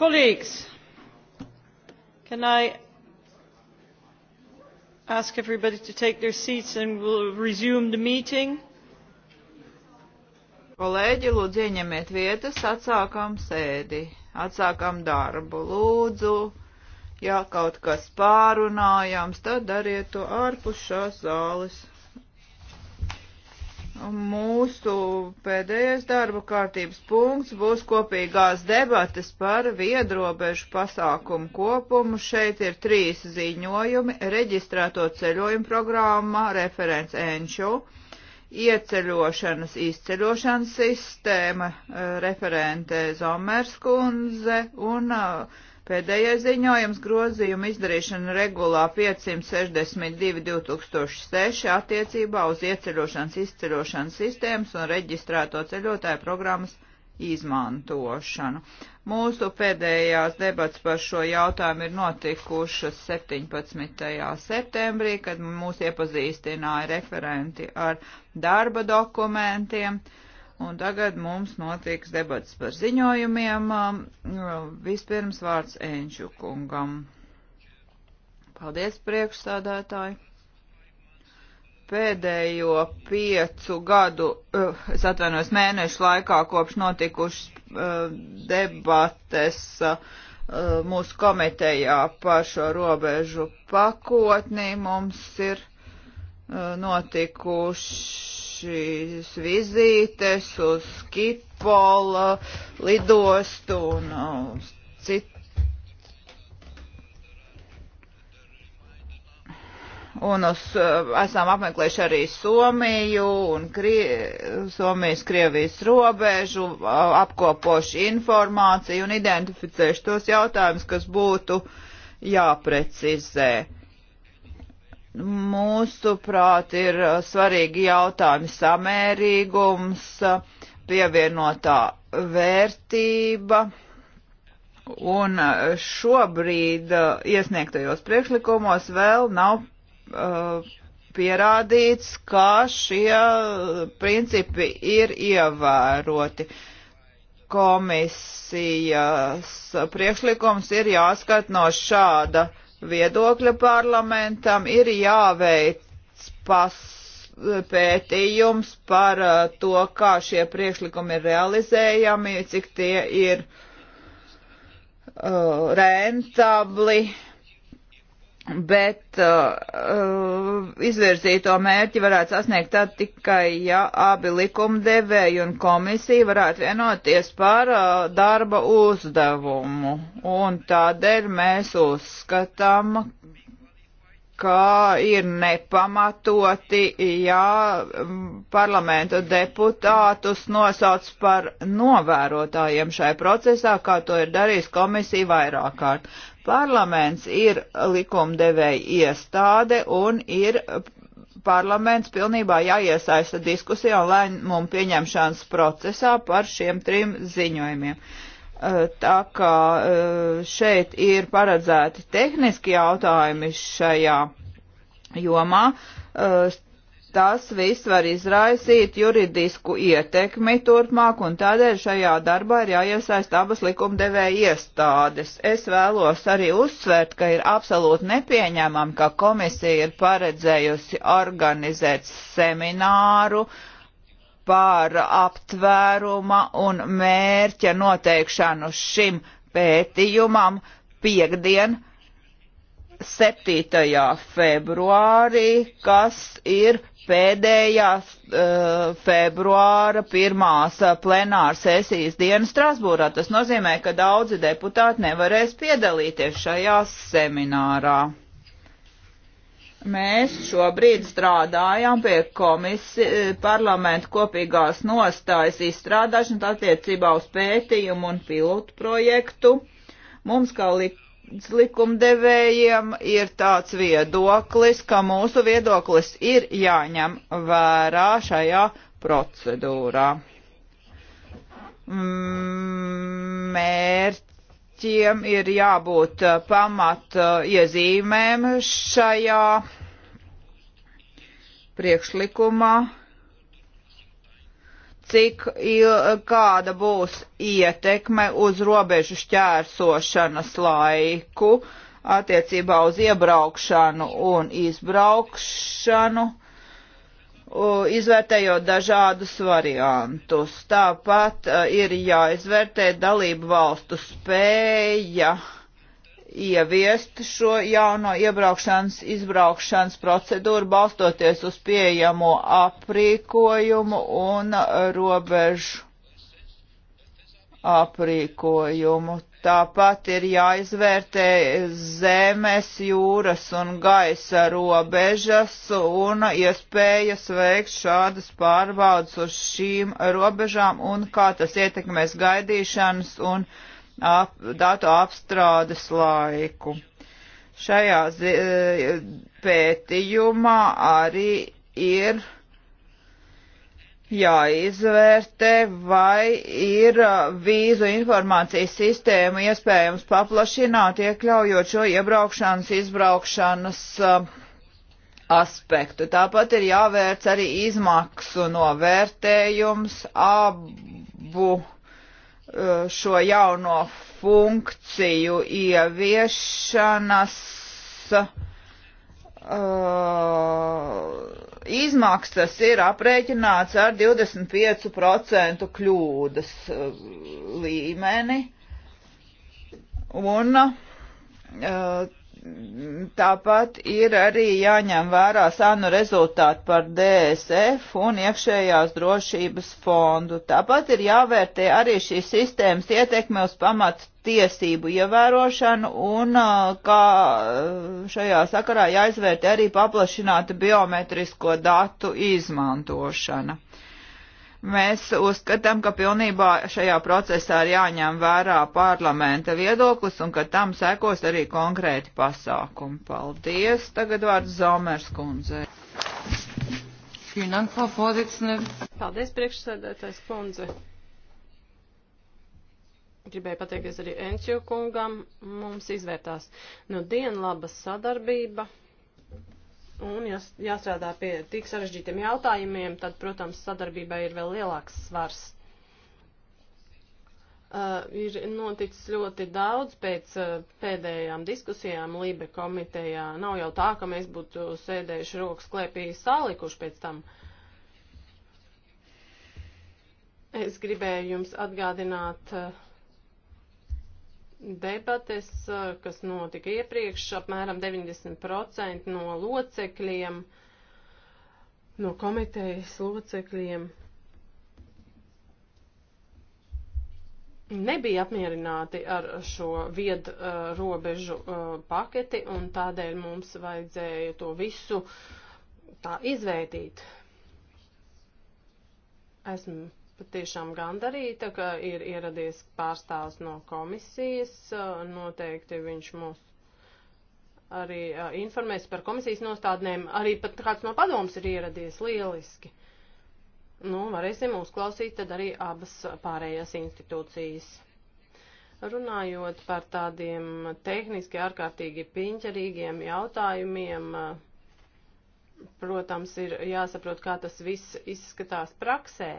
B: colleagues can i
A: ask everybody to take their seats and we'll resume the meeting Kolēģi, lūdzu, ieņemiet vietas, atsākam sēdi, atsākam darbu. Lūdzu, ja kaut kas pārunājams, tad dariet to ārpus šās zāles. Mūsu pēdējais darba kārtības punkts būs kopīgās debates par viedrobežu pasākumu kopumu. Šeit ir trīs ziņojumi - reģistrēto ceļojumu programma, referents Enšu, ieceļošanas, izceļošanas sistēma, eh, referente Zomerskundze un uh, Pēdējais ziņojums grozījuma izdarīšana regulā 562-2006 attiecībā uz ieceļošanas izceļošanas sistēmas un reģistrēto ceļotāju programmas izmantošanu. Mūsu pēdējās debats par šo jautājumu ir notikušas 17. septembrī, kad mūs iepazīstināja referenti ar darba dokumentiem. Uh, Un tagad mums notiks debats par ziņojumiem. Um, vispirms vārds Enču kungam. Paldies, priekšsādātāji! Pēdējo piecu gadu, uh, es atvainojos, mēnešu laikā kopš notikušas uh, debates uh, mūsu komitejā par šo robežu pakotni mums ir notikušas vizītes uz Kipola lidostu un uh, uz citu. un uz, uh, esam apmeklējuši arī Somiju un Krie, Somijas Krievijas robežu, uh, apkopoši informāciju un identificējuši tos jautājumus, kas būtu jāprecizē mūsuprāt, ir uh, svarīgi jautājumi samērīgums, uh, pievienotā vērtība. Un uh, šobrīd iesniegtajos priekšlikumos vēl nav uh, pierādīts, ka šie principi ir ievēroti. Komisijas priekšlikums ir jāskat no šāda uh, viedokļa parlamentam ir jāveic pētījums par uh, to, kā šie priekšlikumi ir realizējami, cik tie ir uh, rentabli bet uh, uh, izvirzīto mērķi varētu sasniegt tad tikai, ja abi likumdevēji un komisija varētu vienoties par uh, darba uzdevumu. Un tādēļ mēs uzskatām, ka ir nepamatoti, ja mm, parlamenta deputātus nosauc par novērotājiem šai procesā, kā to ir darījis komisija vairāk kārt. Parlaments ir likumdevēja iestāde un ir parlaments pilnībā jāiesaista diskusijā un lēmumu pieņemšanas procesā par šiem trim ziņojumiem. Tā kā šeit ir paredzēti tehniski jautājumi šajā jomā, tas viss var izraisīt juridisku ietekmi turpmāk, un tādēļ šajā darbā ir jāiesaist abas likumdevēja iestādes. Es vēlos arī uzsvērt, ka ir absolūti nepieņemam, ka komisija ir paredzējusi organizēt semināru par aptvēruma un mērķa noteikšanu šim pētījumam piekdien 7. februārī, kas ir pēdējā uh, februāra pirmās eh, plenāra sesijas dienas Strasbūrā. Tas nozīmē, ka daudzi deputāti nevarēs piedalīties šajā seminārā. Mēs šobrīd strādājam pie komisi, eh, parlamentu kopīgās nostājas izstrādāšanas attiecībā uz pētījumu un pilotu projektu. Mums kā lik likumdevējiem ir tāds viedoklis, ka mūsu viedoklis ir jāņem vērā šajā procedūrā. Mm, mērķiem ir jābūt pamat iezīmēm šajā priekšlikumā cik kāda būs ietekme uz robežu šķērsošanas laiku attiecībā uz iebraukšanu un izbraukšanu, izvērtējot dažādus variantus. Tāpat e, ir jāizvērtē dalību valstu spēja ieviest šo jauno iebraukšanas, izbraukšanas procedūru, balstoties uz pieejamo aprīkojumu un robežu aprīkojumu. Tāpat ir jāizvērtē zemes, jūras un gaisa robežas un iespējas veikt šādas pārbaudas uz šīm robežām un kā tas ietekmēs gaidīšanas un uh, ap, datu apstrādes laiku. Šajā zi, e, pētījumā arī ir jāizvērtē, vai ir e, vīzu informācijas sistēmu iespējams paplašināt, iekļaujot šo iebraukšanas, izbraukšanas e, aspektu. Tāpat ir jāvērts arī izmaksu novērtējums abu Eh, šo jauno funkciju ieviešanas uh, izmaksas ir aprēķināts ar 25% kļūdas eh, līmeni. Un uh, Tāpat ir arī jāņem vērā sānu rezultāti par DSF un iekšējās drošības fondu. Tāpat ir jāvērtē arī šīs sistēmas ietekme uz pamat tiesību ievērošanu un kā šajā sakarā jāizvērtē arī paplašināta biometrisko datu izmantošana. Uh, Mēs uzskatām, ka pilnībā šajā procesā ir jāņem vērā parlamenta viedoklis un ka tam sekos arī konkrēti pasākumi. Paldies! Tagad vārds Zomers kundzei. Paldies,
B: priekšsēdētājs kundze. Gribēju pateikties arī Enčiju kungam. Mums izvērtās nu dienu laba sadarbība. Un, ja jāstrādā pie tik sarežģītiem jautājumiem, tad, protams, sadarbībai ir vēl lielāks svars. Uh, ir noticis ļoti daudz pēc uh, pēdējām diskusijām Lībe komitejā. Nav jau tā, ka mēs būtu sēdējuši rokas klēpī salikuši pēc tam. Es gribēju jums atgādināt. Uh, debates, eh, kas notika iepriekš, apmēram 90% no locekļiem, no komitejas locekļiem nebija apmierināti ar šo viedu uh, eh, robežu uh, paketi, un tādēļ mums vajadzēja to visu tā izvērtīt. Esmu patiešām gandarīta, ka ir ieradies pārstāvs no komisijas. Eh, noteikti viņš mūs arī eh, informēs par komisijas nostādnēm. Arī pat kāds no padoms ir ieradies lieliski. Nu, varēsim uzklausīt tad arī abas pārējās institūcijas. Runājot par tādiem tehniski ārkārtīgi piņķerīgiem jautājumiem, eh, protams, ir jāsaprot, kā tas viss izskatās praksē.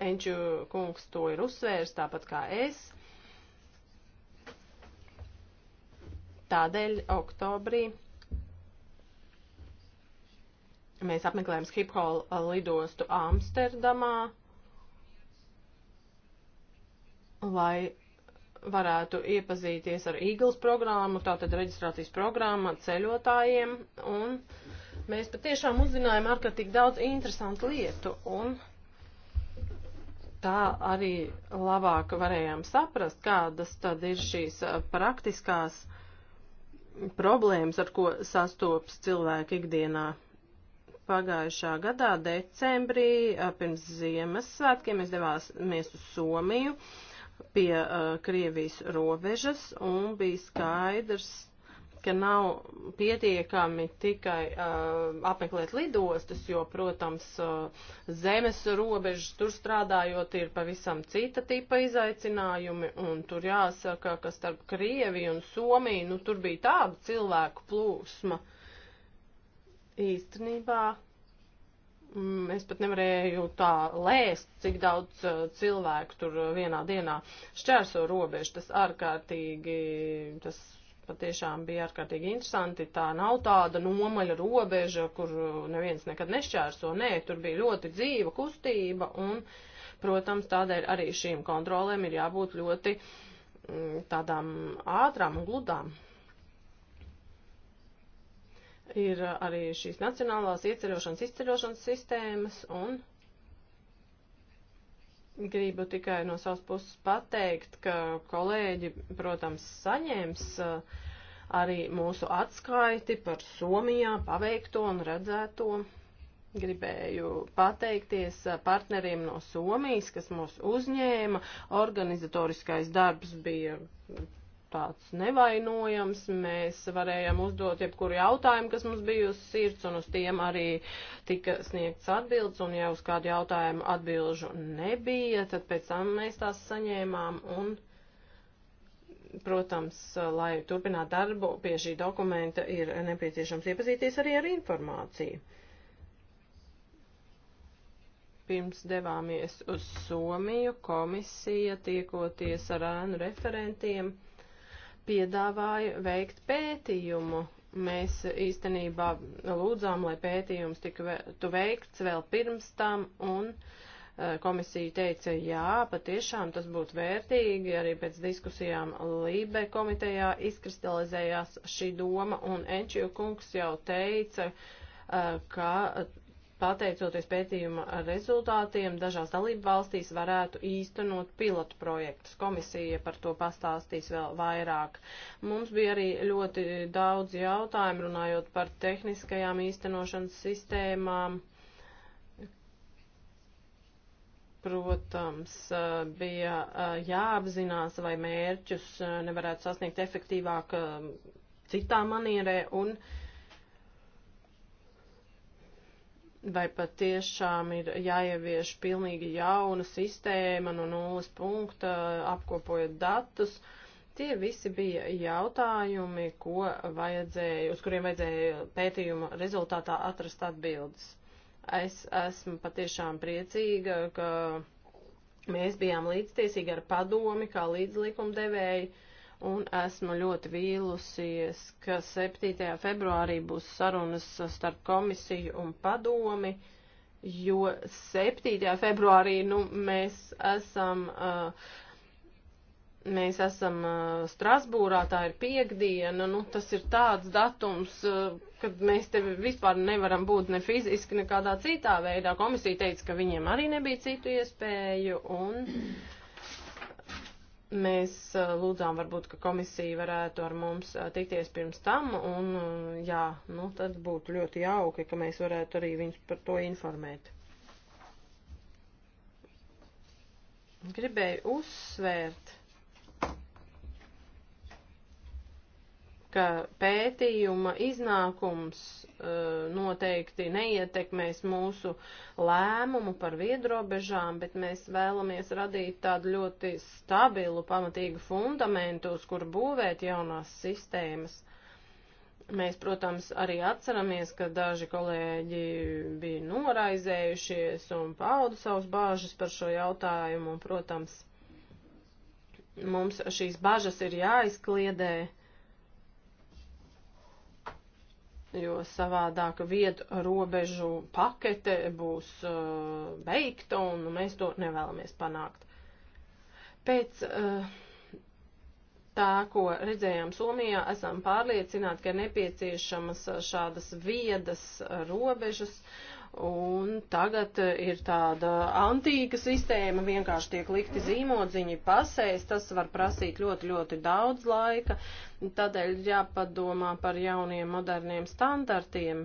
B: Enču kungs to ir uzsvērs, tāpat kā es. Tādēļ oktobrī mēs apmeklējam Schiphol lidostu Amsterdamā, lai varētu iepazīties ar Eagles programmu, tātad reģistrācijas programmu ceļotājiem, un mēs patiešām uzzinājām ārkārtīgi daudz interesantu lietu, un tā arī labāk varējām saprast, kādas tad ir šīs praktiskās problēmas, ar ko sastopas cilvēki ikdienā. Pagājušā gadā, decembrī, pirms Ziemassvētkiem, mēs devāmies uz Somiju pie uh, Krievijas robežas un bija skaidrs ka nav pietiekami tikai uh, apmeklēt lidostas, jo, protams, uh, zemes robežas tur strādājot ir pavisam cita tipa izaicinājumi, un tur jāsaka, ka starp Krieviju un Somiju, nu, tur bija tāda cilvēku plūsma. Īstenībā mm, es pat nevarēju tā lēst, cik daudz uh, cilvēku tur vienā dienā šķērso robežu. Tas ārkārtīgi, tas patiešām bija ārkārtīgi interesanti. Tā nav tāda nomaļa robeža, kur uh, neviens nekad nešķērso. Nē, tur bija ļoti dzīva kustība un, protams, tādēļ arī šīm kontrolēm ir jābūt ļoti mm, tādām ātrām un gludām. Ir arī šīs nacionālās ieceļošanas, izceļošanas sistēmas un Gribu tikai no savas puses pateikt, ka kolēģi, protams, saņems uh, arī mūsu atskaiti par Somijā paveikto un redzēto. Gribēju pateikties uh, partneriem no Somijas, kas mūs uzņēma. Organizatoriskais darbs bija tāds nevainojams, mēs varējām uzdot jebkuru jautājumu, kas mums bija uz sirds, un uz tiem arī tika sniegts atbildes, un ja uz kādu jautājumu atbilžu nebija, tad pēc tam mēs tās saņēmām, un, protams, lai turpinātu darbu pie šī dokumenta, ir nepieciešams iepazīties arī ar informāciju. Pirms devāmies uz Somiju, komisija tiekoties ar ēnu referentiem piedāvāja veikt pētījumu. Mēs īstenībā lūdzām, lai pētījums tiktu veikts vēl pirms tam, un e, komisija teica, jā, patiešām tas būtu vērtīgi, arī pēc diskusijām Lībe komitejā izkristalizējās šī doma, un Enčiju kungs jau teica, e, ka pateicoties pētījuma rezultātiem, dažās dalību valstīs varētu īstenot pilotu projektus. Komisija par to pastāstīs vēl vairāk. Mums bija arī ļoti daudz jautājumu runājot par tehniskajām īstenošanas sistēmām. Protams, bija jāapzinās, vai mērķus nevarētu sasniegt efektīvāk citā manierē un uh, vai patiešām ir jāievieš pilnīgi jauna sistēma no nulles punkta, apkopojot datus. Tie visi bija jautājumi, ko vajadzēja, uz kuriem vajadzēja pētījuma rezultātā atrast atbildes. Es esmu patiešām priecīga, ka mēs bijām līdztiesīgi ar padomi, kā līdzlikumdevēji. Uh, un esmu ļoti vīlusies, ka 7. februārī būs sarunas starp komisiju un padomi, jo 7. februārī nu, mēs esam. Uh, Mēs esam uh, Strasbūrā, tā ir piekdiena, nu tas ir tāds datums, uh, kad mēs te vispār nevaram būt ne fiziski, ne kādā citā veidā. Komisija teica, ka viņiem arī nebija citu iespēju, un uh, Mēs lūdzām varbūt, ka komisija varētu ar mums tikties pirms tam, un jā, nu tad būtu ļoti jauki, ka mēs varētu arī viņus par to informēt. Gribēju uzsvērt ka pētījuma iznākums uh, noteikti neietekmēs mūsu lēmumu par viedrobežām, bet mēs vēlamies radīt tādu ļoti stabilu, pamatīgu fundamentu, uz kur būvēt jaunās sistēmas. Mēs, protams, arī atceramies, ka daži kolēģi bija noraizējušies un pauda savus bāžas par šo jautājumu, un, protams, mums šīs bažas ir jāizkliedē. Uh, jo savādāk viedu robežu pakete būs uh, beigta un mēs to nevēlamies panākt. Pēc uh, tā, ko redzējām Somijā, esam pārliecināti, ka nepieciešamas uh, šādas viedas uh, robežas. Uh, Un tagad ir tāda antīka sistēma, vienkārši tiek likti zīmodziņi pasēs, tas var prasīt ļoti, ļoti daudz laika, tādēļ jāpadomā par jauniem moderniem standartiem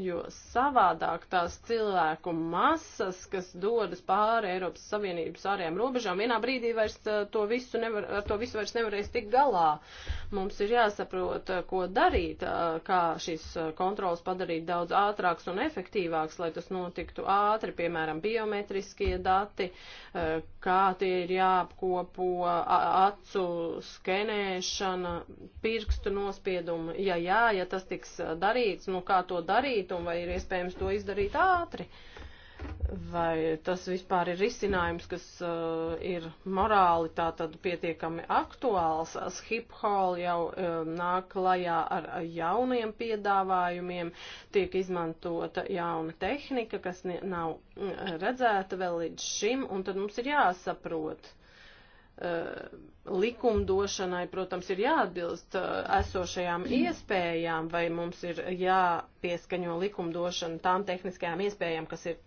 B: jo savādāk tās cilvēku masas, kas dodas pāri Eiropas Savienības ārējām robežām, vienā brīdī vairs uh, to visu nevar, ar to visu vairs nevarēs tikt galā. Mums ir jāsaprot, uh, ko darīt, uh, kā šīs kontrols padarīt daudz ātrāks un efektīvāks, lai tas notiktu ātri, piemēram, biometriskie dati, kā tie ir jāapkopo, acu skenēšana, pirkstu nospiedumi. Ja jā, ja tas tiks darīts, nu kā to darīt? darīt un vai ir iespējams to izdarīt ātri. Vai tas vispār ir risinājums, kas uh, ir morāli tā tad pietiekami aktuāls? Schiphol jau uh, nāk klajā ar jauniem piedāvājumiem, tiek izmantota jauna tehnika, kas nav mm, redzēta vēl līdz šim, un tad mums ir jāsaprot. Uh, Uh, likumdošanai, protams, ir jāatbilst uh, esošajām iespējām, vai mums ir jāpieskaņo likumdošana tām tehniskajām iespējām, kas ir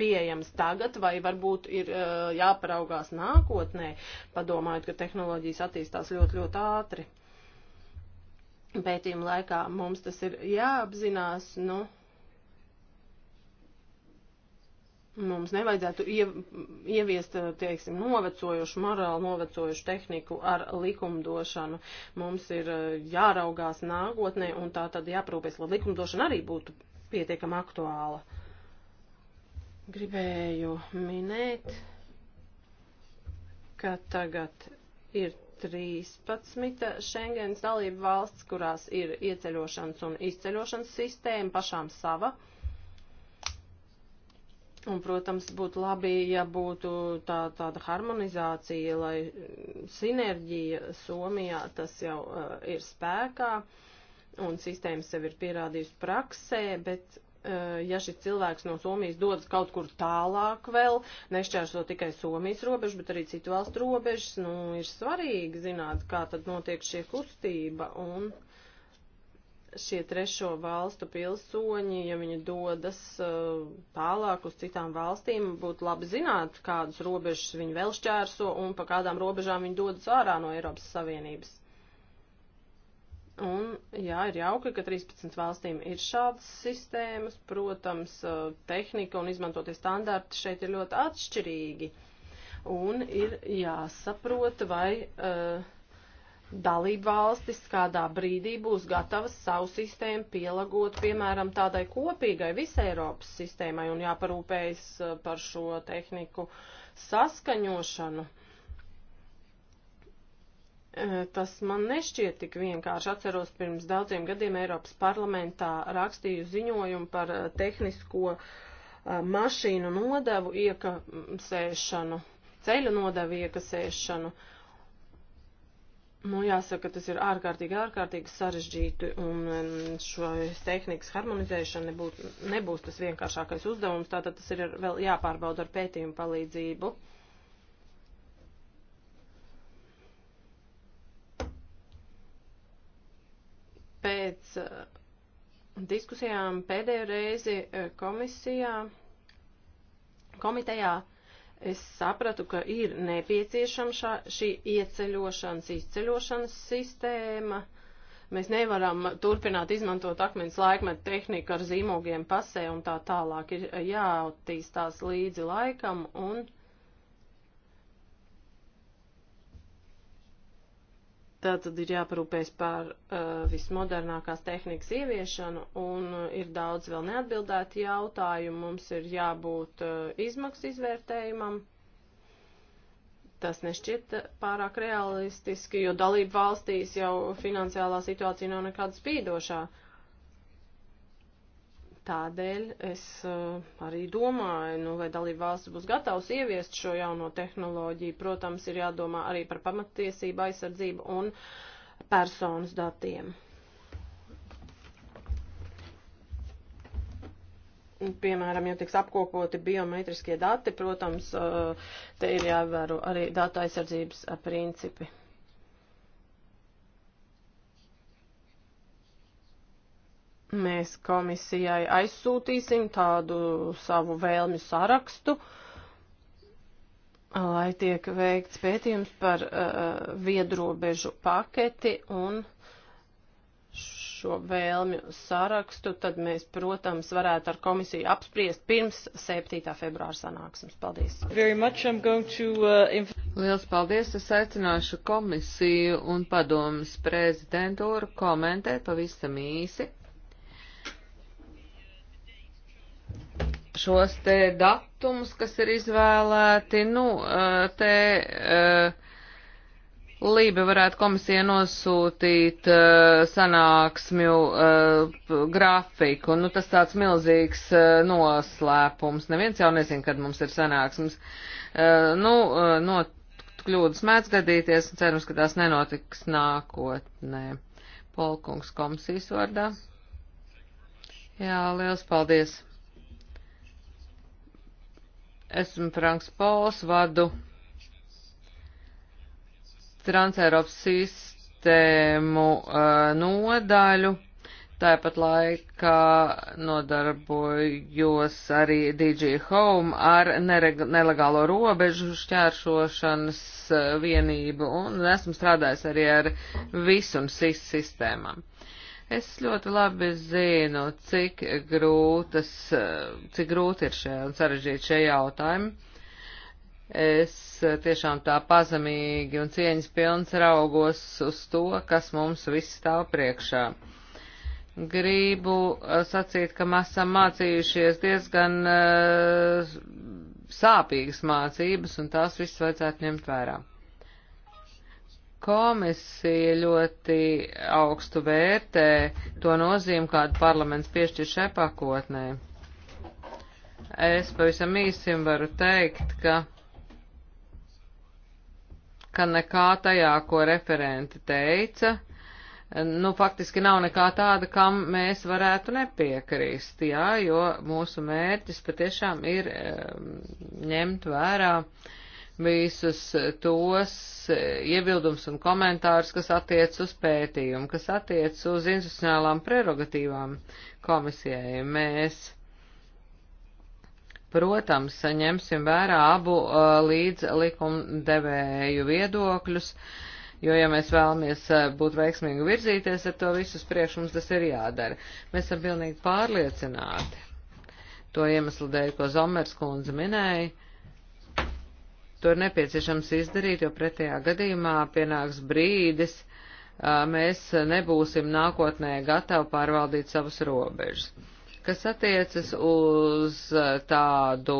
B: pieejams tagad, vai varbūt ir uh, jāparaugās nākotnē, padomājot, ka tehnoloģijas attīstās ļoti, ļoti ātri. Pētījuma laikā mums tas ir jāapzinās, nu, Mums nevajadzētu ieviest, eh, teiksim, novecojušu morālu, novecojušu tehniku ar likumdošanu. Mums ir eh, jāraugās nākotnē un tā tad jāprūpēs, lai likumdošana arī būtu pietiekama aktuāla. Gribēju minēt, ka tagad ir 13 Schengens dalība valsts, kurās ir ieceļošanas un izceļošanas sistēma pašām sava. Uh, Un, protams, būtu labi, ja būtu tā, tāda harmonizācija, lai mm, sinerģija Somijā tas jau uh, ir spēkā un sistēma sev ir pierādījusi praksē, bet uh, ja šis cilvēks no Somijas dodas kaut kur tālāk vēl, nešķērso tikai Somijas robežu, bet arī citu valstu robežas, nu, ir svarīgi zināt, kā tad notiek šie kustība un šie trešo valstu pilsoņi, ja viņi dodas uh, tālāk uz citām valstīm, būtu labi zināt, kādas robežas viņi vēl šķērso un pa kādām robežām viņi dodas ārā no Eiropas Savienības. Un, jā, ir jauki, ka 13 valstīm ir šādas sistēmas. Protams, uh, tehnika un izmantotie standarti šeit ir ļoti atšķirīgi. Un ir jāsaprot, vai uh, dalību valstis kādā brīdī būs gatavas savu sistēmu pielāgot, piemēram, tādai kopīgai visai Eiropas sistēmai un jāparūpējas eh, par šo tehniku saskaņošanu. Eh, tas man nešķiet tik vienkārši. Atceros, pirms daudziem gadiem Eiropas parlamentā rakstīju ziņojumu par eh, tehnisko mašīnu nodevu iekasēšanu, ceļu nodevu iekasēšanu. Uh, Nu, jāsaka, tas ir ārkārtīgi, ārkārtīgi sarežģīti, un um, šo tehnikas harmonizēšana nebūt, nebūs tas vienkāršākais uzdevums, tātad tas ir vēl jāpārbauda ar pētījumu palīdzību. Pēc uh, diskusijām pēdējo reizi uh, komisijā, komitejā Es sapratu, ka ir nepieciešama šā, šī ieceļošanas, izceļošanas sistēma. Mēs nevaram turpināt izmantot akmens laikmetu tehniku ar zīmogiem pasē un tā tālāk. Ir jāattīstās līdzi laikam un Tā tad ir jāparūpēs par uh, vismodernākās tehnikas ieviešanu, un uh, ir daudz vēl neatbildētu jautājumu. Mums ir jābūt uh, izmaksu izvērtējumam. Tas nešķiet uh, pārāk realistiski, jo dalību valstīs jau finansiālā situācija nav nekāda spīdošā. Uh, Tādēļ es eh, arī domāju, nu, vai dalība valsts būs gatavs ieviest šo jauno tehnoloģiju. Protams, ir jādomā arī par pamatiesību aizsardzību un personas datiem. piemēram, ja tiks apkopoti biometriskie dati, protams, eh, te ir jāvēro arī datu aizsardzības eh, principi. Mēs komisijai aizsūtīsim tādu savu vēlmju sarakstu, lai tiek veikts pētījums par uh, viedrobežu paketi un šo vēlmju sarakstu, tad mēs, protams, varētu ar komisiju apspriest pirms 7. februāra sanāksmes. Paldies!
D: To, uh, Liels paldies! Es aicināšu komisiju un padomas prezidentūru komentēt pavisam īsi. šos te datumus, kas ir izvēlēti, nu, te Lība varētu komisija nosūtīt sanāksmju grafiku, nu, tas tāds milzīgs noslēpums, neviens jau nezin, kad mums ir sanāksmes, nu, no kļūdas mēdz gadīties, un cerams, ka tās nenotiks nākotnē. Polkungs komisijas vārdā. Jā, liels paldies. Esmu Franks Pols, vadu Transeiropas sistēmu uh, nodaļu. Tāpat laikā nodarbojos arī DJ Home ar nelegālo robežu šķēršošanas vienību un esmu strādājis arī ar visu un SIS sistēmām. Es ļoti labi zinu, cik, grūtas, cik grūti ir šie un sarežģīti šie jautājumi. Es tiešām tā pazemīgi un cieņas pilns raugos uz to, kas mums viss stāv priekšā. Gribu eh, sacīt, ka mēs esam mācījušies diezgan uh, sāpīgas mācības, un tās viss vajadzētu ņemt vērā. Komisija ļoti augstu vērtē to nozīmi, kādu parlaments piešķir šai pakotnē. Es pavisam īsim varu teikt, ka, ka nekā tajā, ko referenti teica, nu, faktiski nav nekā tāda, kam mēs varētu nepiekrīst, jā, jo mūsu mērķis patiešām ir e, ņemt vērā e, visus tos iebildums un komentārus, kas attiec uz pētījumu, kas attiec uz institucionālām prerogatīvām komisijai. Mēs, protams, saņemsim vērā abu uh, līdz likumdevēju viedokļus, jo, ja mēs vēlamies uh, būt veiksmīgi virzīties ar to visus priekš, mums tas ir jādara. Mēs esam pilnīgi pārliecināti. To iemeslu dēļ, ko Zomers kundze minēja, To ir nepieciešams izdarīt, jo pretējā gadījumā pienāks brīdis, mēs nebūsim nākotnē gatavi pārvaldīt savas robežas. Kas attiecas uz tādu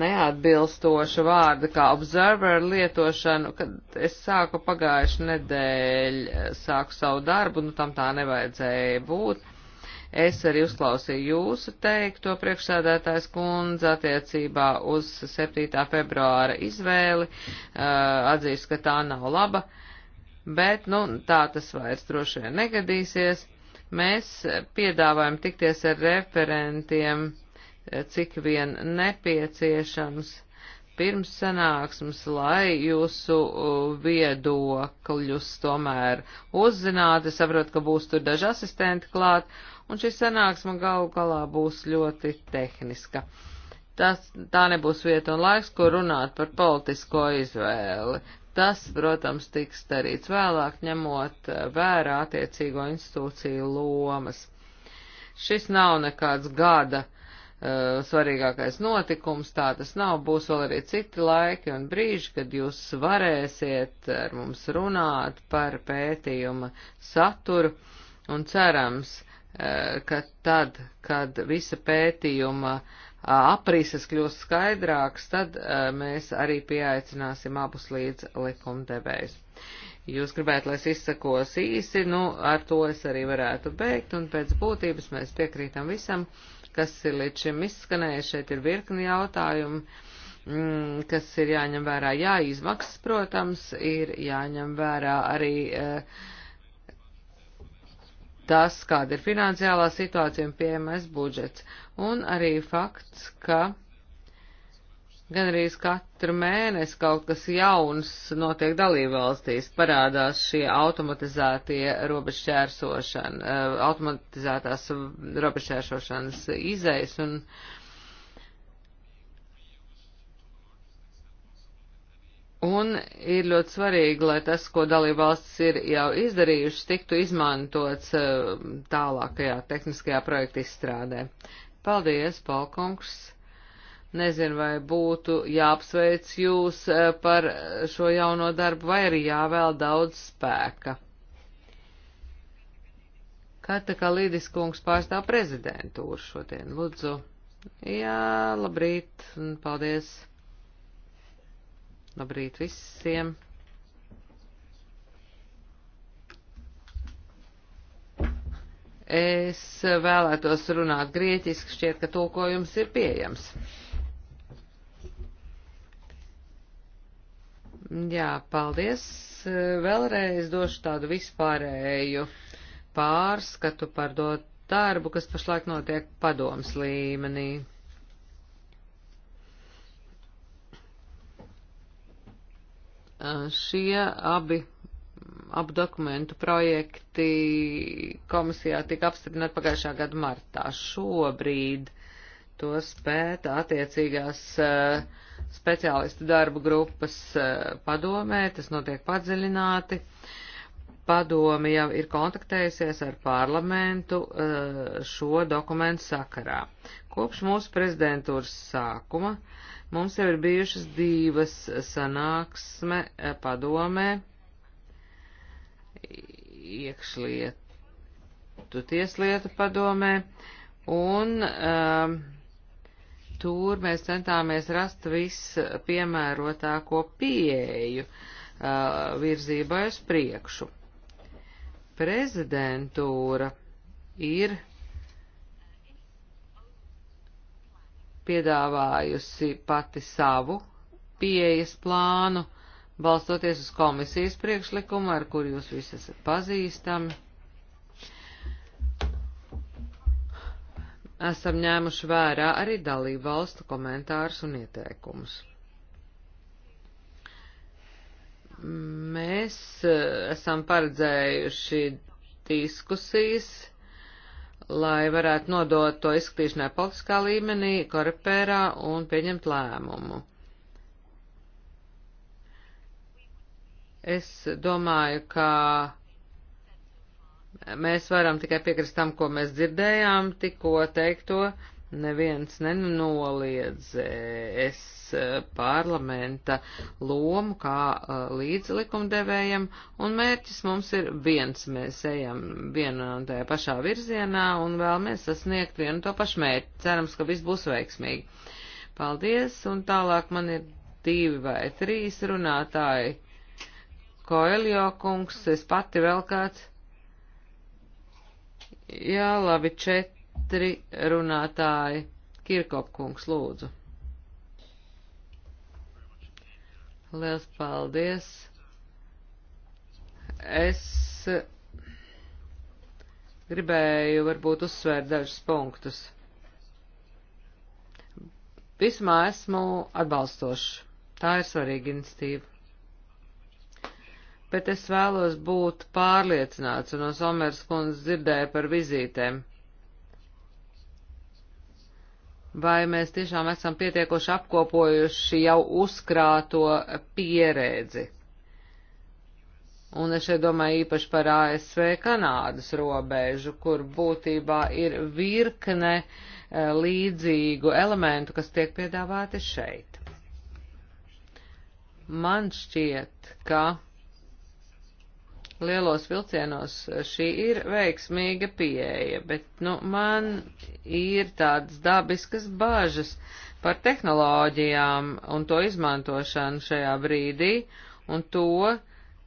D: neatbilstošu vārdu kā observer lietošanu, kad es sāku pagājušu nedēļu, sāku savu darbu, nu tam tā nevajadzēja būt Es arī uzklausīju jūsu teikto priekšsādātājs kundze attiecībā uz 7. februāra izvēli, eh, atzīst, ka tā nav laba, bet, nu, tā tas vairs droši vien negadīsies. Mēs piedāvājam tikties ar referentiem, eh, cik vien nepieciešams, pirms sanāksmes, lai jūsu eh, viedokļus tomēr uzzinātu. Es saprotu, ka būs tur daži asistenti klāt, uh, un šī sanāksme galu galā būs ļoti tehniska. Tas, tā nebūs vieta un laiks, kur runāt par politisko izvēli. Tas, protams, tiks darīts vēlāk, ņemot eh, vērā attiecīgo institūciju lomas. Šis nav nekāds gada eh, svarīgākais notikums, tā tas nav, būs vēl arī citi laiki un brīži, kad jūs varēsiet ar mums runāt par pētījuma saturu un cerams, Eh, ka tad, kad visa pētījuma eh, aprises kļūs skaidrāks, tad eh, mēs arī pieaicināsim abus līdz likumdevējus. Jūs gribētu, lai es izsakos īsi, nu, ar to es arī varētu beigt, un pēc būtības mēs piekrītam visam, kas ir līdz šim izskanējis. Šeit ir virkni jautājumi, mm, kas ir jāņem vērā. Jā, izmaksas, protams, ir jāņem vērā arī. Uh, tas, kāda ir finansiālā situācija un PMS budžets, un arī fakts, ka gan arī katru mēnesi kaut kas jauns notiek dalībvalstīs, parādās šie automatizētie robežšķērsošana, eh, automatizētās robežšķērsošanas izejas un uh, Un ir ļoti svarīgi, lai tas, ko dalībvalstis ir jau izdarījušas, tiktu izmantots eh, tālākajā tehniskajā projekta izstrādē. Paldies, Palkungs! Nezinu, vai būtu jāapsveic jūs eh, par šo jauno darbu, vai arī jāvēl daudz spēka. Kata Kalīdis kungs pārstāv prezidentūru šodien, lūdzu. Jā, labrīt un paldies. Labrīt visiem! Es vēlētos runāt grieķiski, šķiet, ka tulkojums ir pieejams. Jā, paldies. Vēlreiz došu tādu vispārēju pārskatu par to darbu, kas pašlaik notiek padoms līmenī. Eh, šie abi mm, abu dokumentu projekti komisijā tika apstiprināti pagājušā gada martā. Šobrīd tos pēta attiecīgās uh, speciālistu darba grupas uh, padomē, tas notiek padziļināti. Padomi jau ir kontaktējusies ar parlamentu uh, šo dokumentu sakarā. Kopš mūsu prezidentūras sākuma uh, Mums jau ir bijušas divas sanāksme eh, padomē iekšlietu tieslietu padomē, un um, tur mēs centāmies rast vispiemērotāko pieeju uh, virzībai uz priekšu. Prezidentūra ir piedāvājusi pati savu pieejas plānu, balstoties uz komisijas priekšlikumu, ar kur jūs visi esat pazīstami. Esam ņēmuši vērā arī dalību valstu komentārus un ieteikumus. Mēs eh, esam paredzējuši diskusijas lai varētu nodot to izskatīšanai politiskā līmenī, korepērā un pieņemt lēmumu. Es domāju, ka mēs varam tikai piekrist tam, ko mēs dzirdējām, tikko teikto, neviens nenoliedzē es eh, parlamenta lomu kā eh, līdzlikumdevējam, un mērķis mums ir viens, mēs ejam vienā un tajā pašā virzienā un vēlamies sasniegt vienu to pašu mērķi. Cerams, ka viss būs veiksmīgi. Paldies, un tālāk man ir divi vai trīs runātāji. Koeljo kungs, es pati vēl kāds. Jā, labi, četri četri runātāji. Kirkopkungs, lūdzu. Liels paldies. Es gribēju varbūt uzsvērt dažus punktus. Vismā esmu atbalstošs. Tā ir svarīga institīva bet es vēlos būt pārliecināts, un no Somers kundzes dzirdēju par vizītēm vai mēs tiešām esam pietiekoši apkopojuši jau uzkrāto pieredzi. Un es šeit domāju īpaši par ASV Kanādas robežu, kur būtībā ir virkne e, līdzīgu elementu, kas tiek piedāvāti šeit. Man šķiet, ka lielos vilcienos šī ir veiksmīga pieeja, bet, nu, man ir tādas dabiskas bažas par tehnoloģijām un to izmantošanu šajā brīdī un to,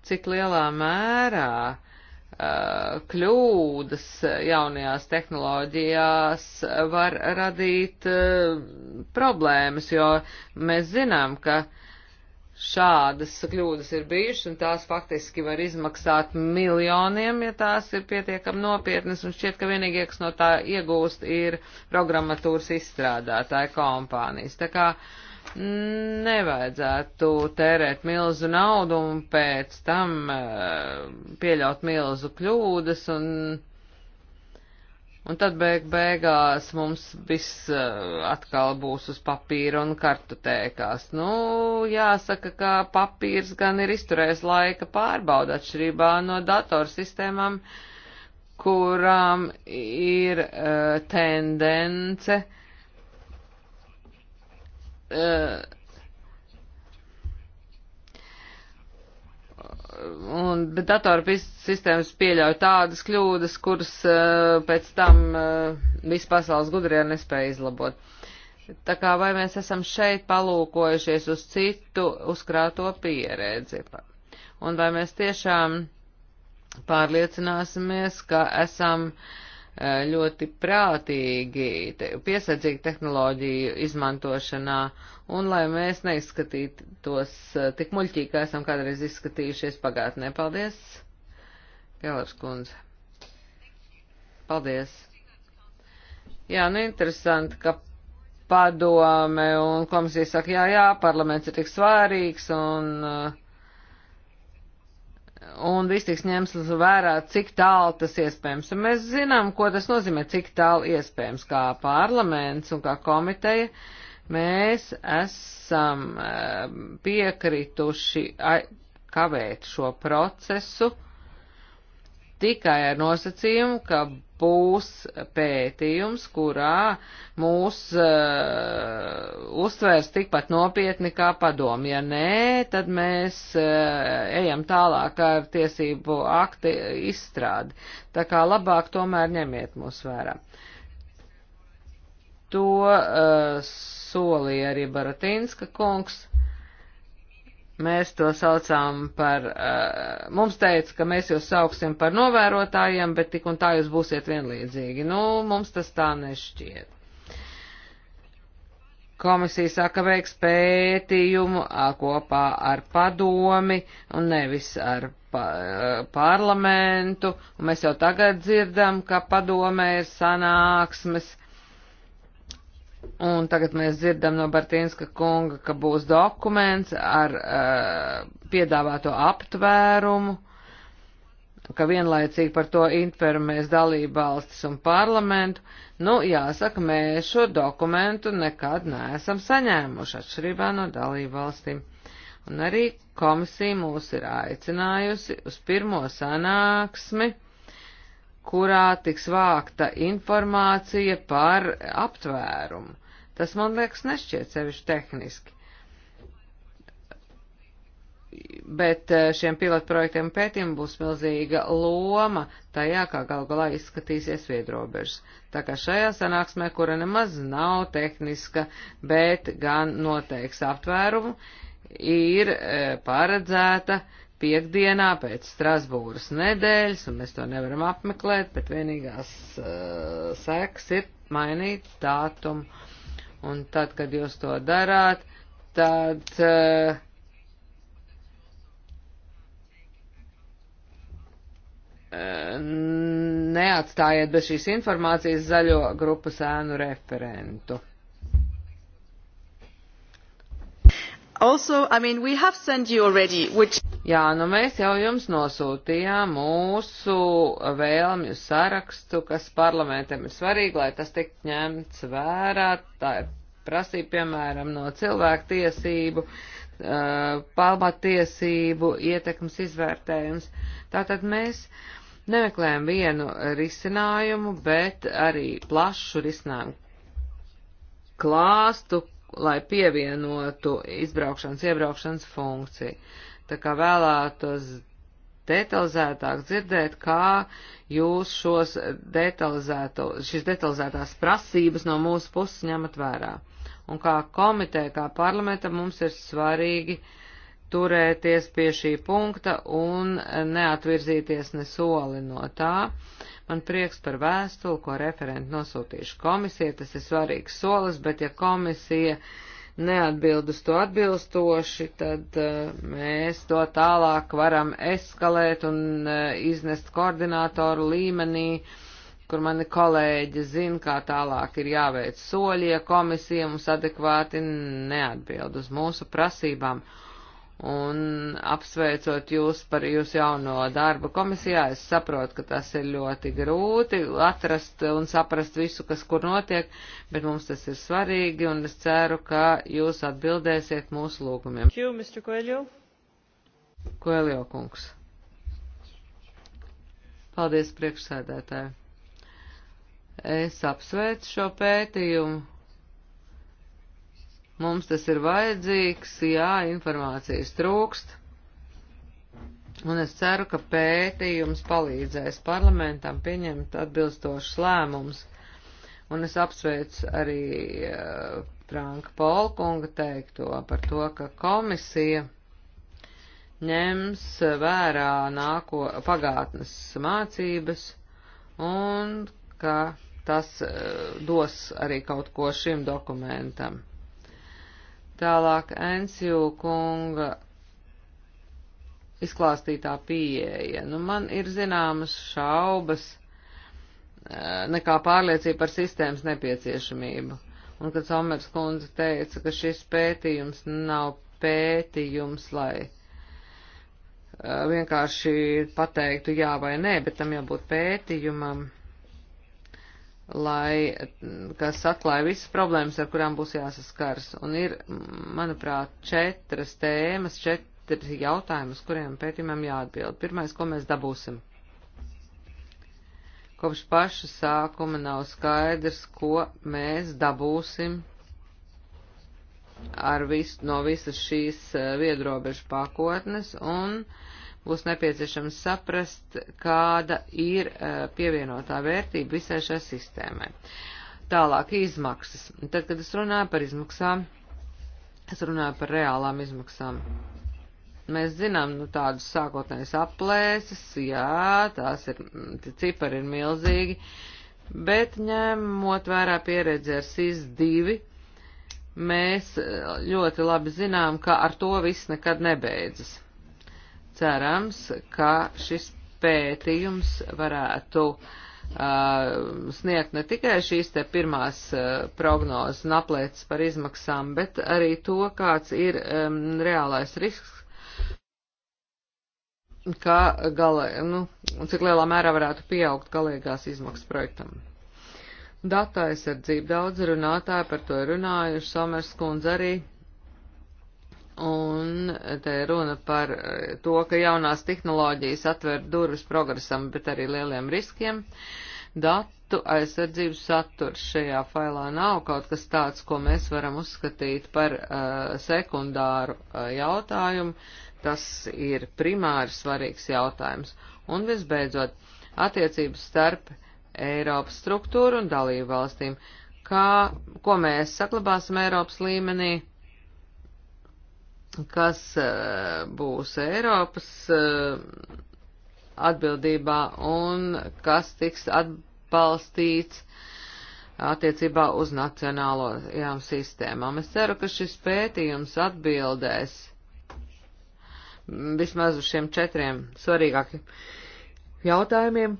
D: cik lielā mērā uh, kļūdas jaunajās tehnoloģijās var radīt uh, problēmas, jo mēs zinām, ka uh, šādas kļūdas ir bijušas, un tās faktiski var izmaksāt miljoniem, ja tās ir pietiekami nopietnas, un šķiet, ka vienīgie, kas no tā iegūst, ir programmatūras izstrādātāja kompānijas. Tā kā mm, nevajadzētu tērēt milzu naudu un pēc tam eh, pieļaut milzu kļūdas un un tad beig beigās mums viss eh, atkal būs uz papīra un kartutēkās. Nu, jāsaka, ka papīrs gan ir izturējis laika pārbauda atšķirībā no datorsistēmām, kurām ir uh, tendence. Uh, un, bet datora sistēmas pieļauj tādas kļūdas, kuras uh, pēc tam uh, viss pasaules gudrie nespēja izlabot. Tā kā vai mēs esam šeit palūkojušies uz citu uzkrāto pieredzi, un vai mēs tiešām pārliecināsimies, ka esam uh, Eh, ļoti prātīgi, te, piesardzīgi tehnoloģiju izmantošanā, un lai mēs neizskatītos eh, tik muļķīgi, kā esam kādreiz izskatījušies pagātnē. Paldies, Kelers kundze. Paldies. Jā, nu interesanti, ka padome un komisija saka, jā, jā, parlaments ir tik svārīgs, un uh, un viss tiks ņemts vērā, cik tālu tas iespējams. Un mēs zinām, ko tas nozīmē, cik tālu iespējams, kā parlaments un kā komiteja. Mēs esam eh, piekrituši kavēt šo procesu tikai ar nosacījumu, ka būs pētījums, kurā mūs uh, uztvērs tikpat nopietni kā padomi. Ja nē, tad mēs uh, ejam tālāk ar tiesību akti izstrādi. Tā kā labāk tomēr ņemiet mūs vērā. To uh, solīja arī Baratinska kungs mēs to saucām par, uh, mums teica, ka mēs jūs sauksim par novērotājiem, bet tik un tā jūs būsiet vienlīdzīgi. Nu, mums tas tā nešķiet. Komisija saka veiks pētījumu kopā ar padomi un nevis ar pa, eh, parlamentu, un mēs jau tagad dzirdam, ka padome ir sanāksmes Un tagad mēs dzirdam no Bartīnska kunga, ka būs dokuments ar uh, piedāvāto aptvērumu, ka vienlaicīgi par to informēs dalībvalstis un parlamentu. Nu, jāsaka, mēs šo dokumentu nekad neesam saņēmuši atšķirībā no dalībvalstīm. Un arī komisija mūs ir aicinājusi uz pirmo sanāksmi kurā tiks vākta informācija par aptvērumu. Tas man liekas nešķiet sevišķi tehniski. Bet eh, šiem pilotprojektiem pētījumam būs milzīga loma tajā, kā gal galā izskatīsies viedrobežas. Tā kā šajā sanāksmē, kura nemaz nav tehniska, bet gan noteiks aptvērumu, ir eh, paredzēta piekdienā pēc Strasbūras nedēļas, un mēs to nevaram apmeklēt, bet vienīgās uh, eh, seks ir mainīt dātumu. Un tad, kad jūs to darāt, tad. Uh, neatstājiet bez šīs informācijas zaļo grupas ēnu referentu. Also, I mean, we have sent
B: you already, which Jā,
D: nu mēs jau jums nosūtījām mūsu vēlmju sarakstu, kas parlamentam ir svarīgi, lai tas tiek ņemts vērā. Tā ir prasība, piemēram, no cilvēktiesību, eh, palmatiesību, ietekmes izvērtējums. Tātad mēs nemeklējam vienu risinājumu, bet arī plašu risinājumu klāstu, lai pievienotu izbraukšanas, iebraukšanas funkciju tā kā vēlētos detalizētāk dzirdēt, kā jūs šos detalizēto, šis detalizētās prasības no mūsu puses ņemat vērā. Un kā komiteja, kā parlamenta mums ir svarīgi turēties pie šī punkta un neatvirzīties ne soli no tā. Man prieks par vēstuli, ko referenti nosūtīšu komisija, tas ir svarīgs solis, bet ja komisija uh, neatbild uz to atbilstoši, tad uh, mēs to tālāk varam eskalēt un uh, iznest koordinātoru līmenī, kur mani kolēģi zina, kā tālāk ir jāveic soļie, komisija mums adekvāti neatbild uz mūsu prasībām. Uh, un apsveicot jūs par jūsu jauno darbu komisijā, es saprotu, ka tas ir ļoti grūti atrast un saprast visu, kas kur notiek, bet mums tas ir svarīgi, un es ceru, ka jūs atbildēsiet mūsu lūgumiem. Koelio kungs. Paldies priekšsēdētāji. Es apsveicu šo pētījumu Mums tas ir vajadzīgs, jā, informācijas trūkst, un es ceru, ka pētījums palīdzēs parlamentam pieņemt atbilstošus lēmumus. Un es apsveicu arī uh, Franka Polkunga teikto par to, ka komisija ņems vērā nāko pagātnes mācības un ka tas uh, dos arī kaut ko šim dokumentam. Tālāk Ensju kunga izklāstītā pieeja. Nu, man ir zināmas šaubas eh, nekā pārliecība par sistēmas nepieciešamību. Un kad Somers kundze teica, ka šis pētījums nav pētījums, lai eh, vienkārši pateiktu jā vai nē, bet tam jābūt pētījumam lai, kas atklāja visas problēmas, ar kurām būs jāsaskars. Un ir, manuprāt, četras tēmas, četri jautājumi, uz kuriem pētījumam jāatbild. Pirmais, ko mēs dabūsim. Kopš paša sākuma nav skaidrs, ko mēs dabūsim ar visu, no visas šīs eh, viedrobežu pakotnes, un uh, būs nepieciešams saprast, kāda ir e, pievienotā vērtība visai šai sistēmai. Tālāk izmaksas. Tad, kad es runāju par izmaksām, es runāju par reālām izmaksām. Mēs zinām, nu, tādas sākotnējas aplēses, jā, tās ir, cipari ir milzīgi, bet ņemot vērā pieredzi ar SIS 2, mēs e, ļoti labi zinām, ka ar to viss nekad nebeidzas cerams, ka šis pētījums varētu uh, sniegt ne tikai šīs te pirmās uh, prognozes un aplētas par izmaksām, bet arī to, kāds ir um, reālais risks, kā galē, nu, cik lielā mērā varētu pieaugt galīgās izmaksas projektam. Data aizsardzība daudz runātāji par to ir runājuši, Somers kundze arī Un te runa par eh, to, ka jaunās tehnoloģijas atver durvis progresam, bet arī lieliem riskiem. Datu aizsardzības saturs šajā failā nav kaut kas tāds, ko mēs varam uzskatīt par uh, sekundāru uh, jautājumu. Tas ir primāri svarīgs jautājums. Un visbeidzot, attiecības starp Eiropas struktūru un dalību valstīm. Kā, ko mēs saglabāsim Eiropas līmenī? kas e, būs Eiropas e, atbildībā un kas tiks atbalstīts attiecībā uz nacionālajām sistēmām. Es ceru, ka šis pētījums atbildēs vismaz uz šiem četriem svarīgākiem jautājumiem,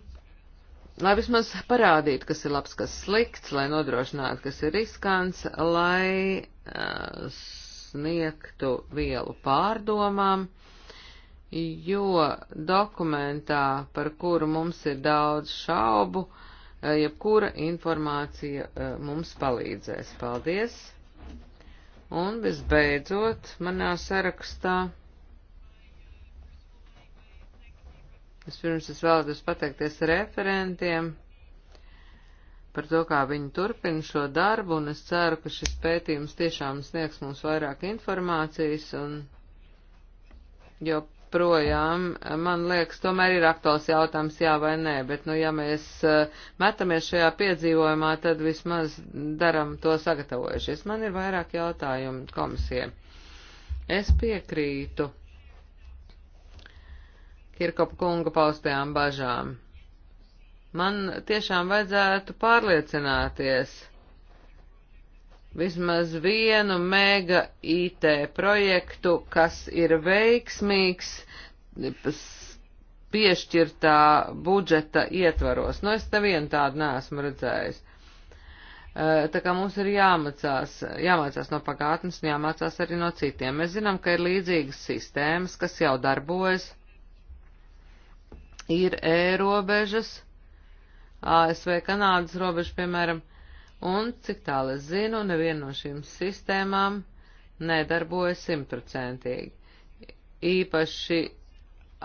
D: lai vismaz parādītu, kas ir labs, kas slikts, lai nodrošinātu, kas ir riskants, lai uh, sniegtu vielu pārdomām, jo dokumentā, par kuru mums ir daudz šaubu, eh, jebkura informācija eh, mums palīdzēs. Paldies! Un visbeidzot, manā sarakstā. Vispirms es vēlētos pateikties referentiem par to, kā viņi turpina šo darbu, un es ceru, ka šis pētījums tiešām sniegs mums vairāk informācijas, un joprojām, man liekas, tomēr ir aktuāls jautājums, jā vai nē, bet, nu, ja mēs eh, metamies šajā piedzīvojumā, tad vismaz daram to sagatavojušies. Man ir vairāk jautājumu komisijai. Es piekrītu. Kirkopa kunga paustajām bažām. Man tiešām vajadzētu pārliecināties. Vismaz vienu mega IT projektu, kas ir veiksmīgs piešķirtā budžeta ietvaros. Nu, es nevienu tādu neesmu redzējis. Eh, tā kā mums ir jāmācās, jāmācās no pagātnes un jāmācās arī no citiem. Mēs zinām, ka ir līdzīgas sistēmas, kas jau darbojas, ir ērobežas, ASV Kanādas robežu, piemēram, un cik tālu es zinu, neviena no šīm sistēmām nedarbojas simtprocentīgi. Īpaši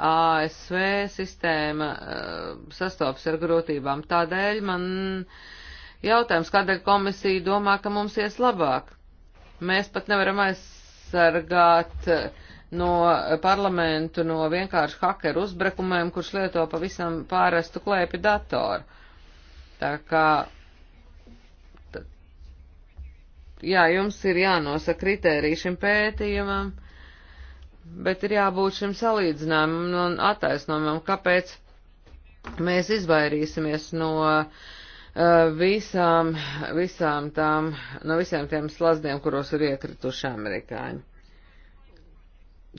D: ASV sistēma uh, sastopas ar grūtībām. Tādēļ man jautājums, kādēļ komisija domā, ka mums ies labāk. Mēs pat nevaram aizsargāt uh, no parlamentu no vienkārši hakeru uzbrukumiem, kurš lieto pavisam pārastu klēpi datoru. Tā kā, tad, jā, jums ir jānosaka kritērija šim pētījumam, bet ir jābūt šim salīdzinājumam un attaisnojumam, kāpēc mēs izvairīsimies no uh, visām, visām tām, no visiem tiem slazdiem, kuros ir iekrituši amerikāņi.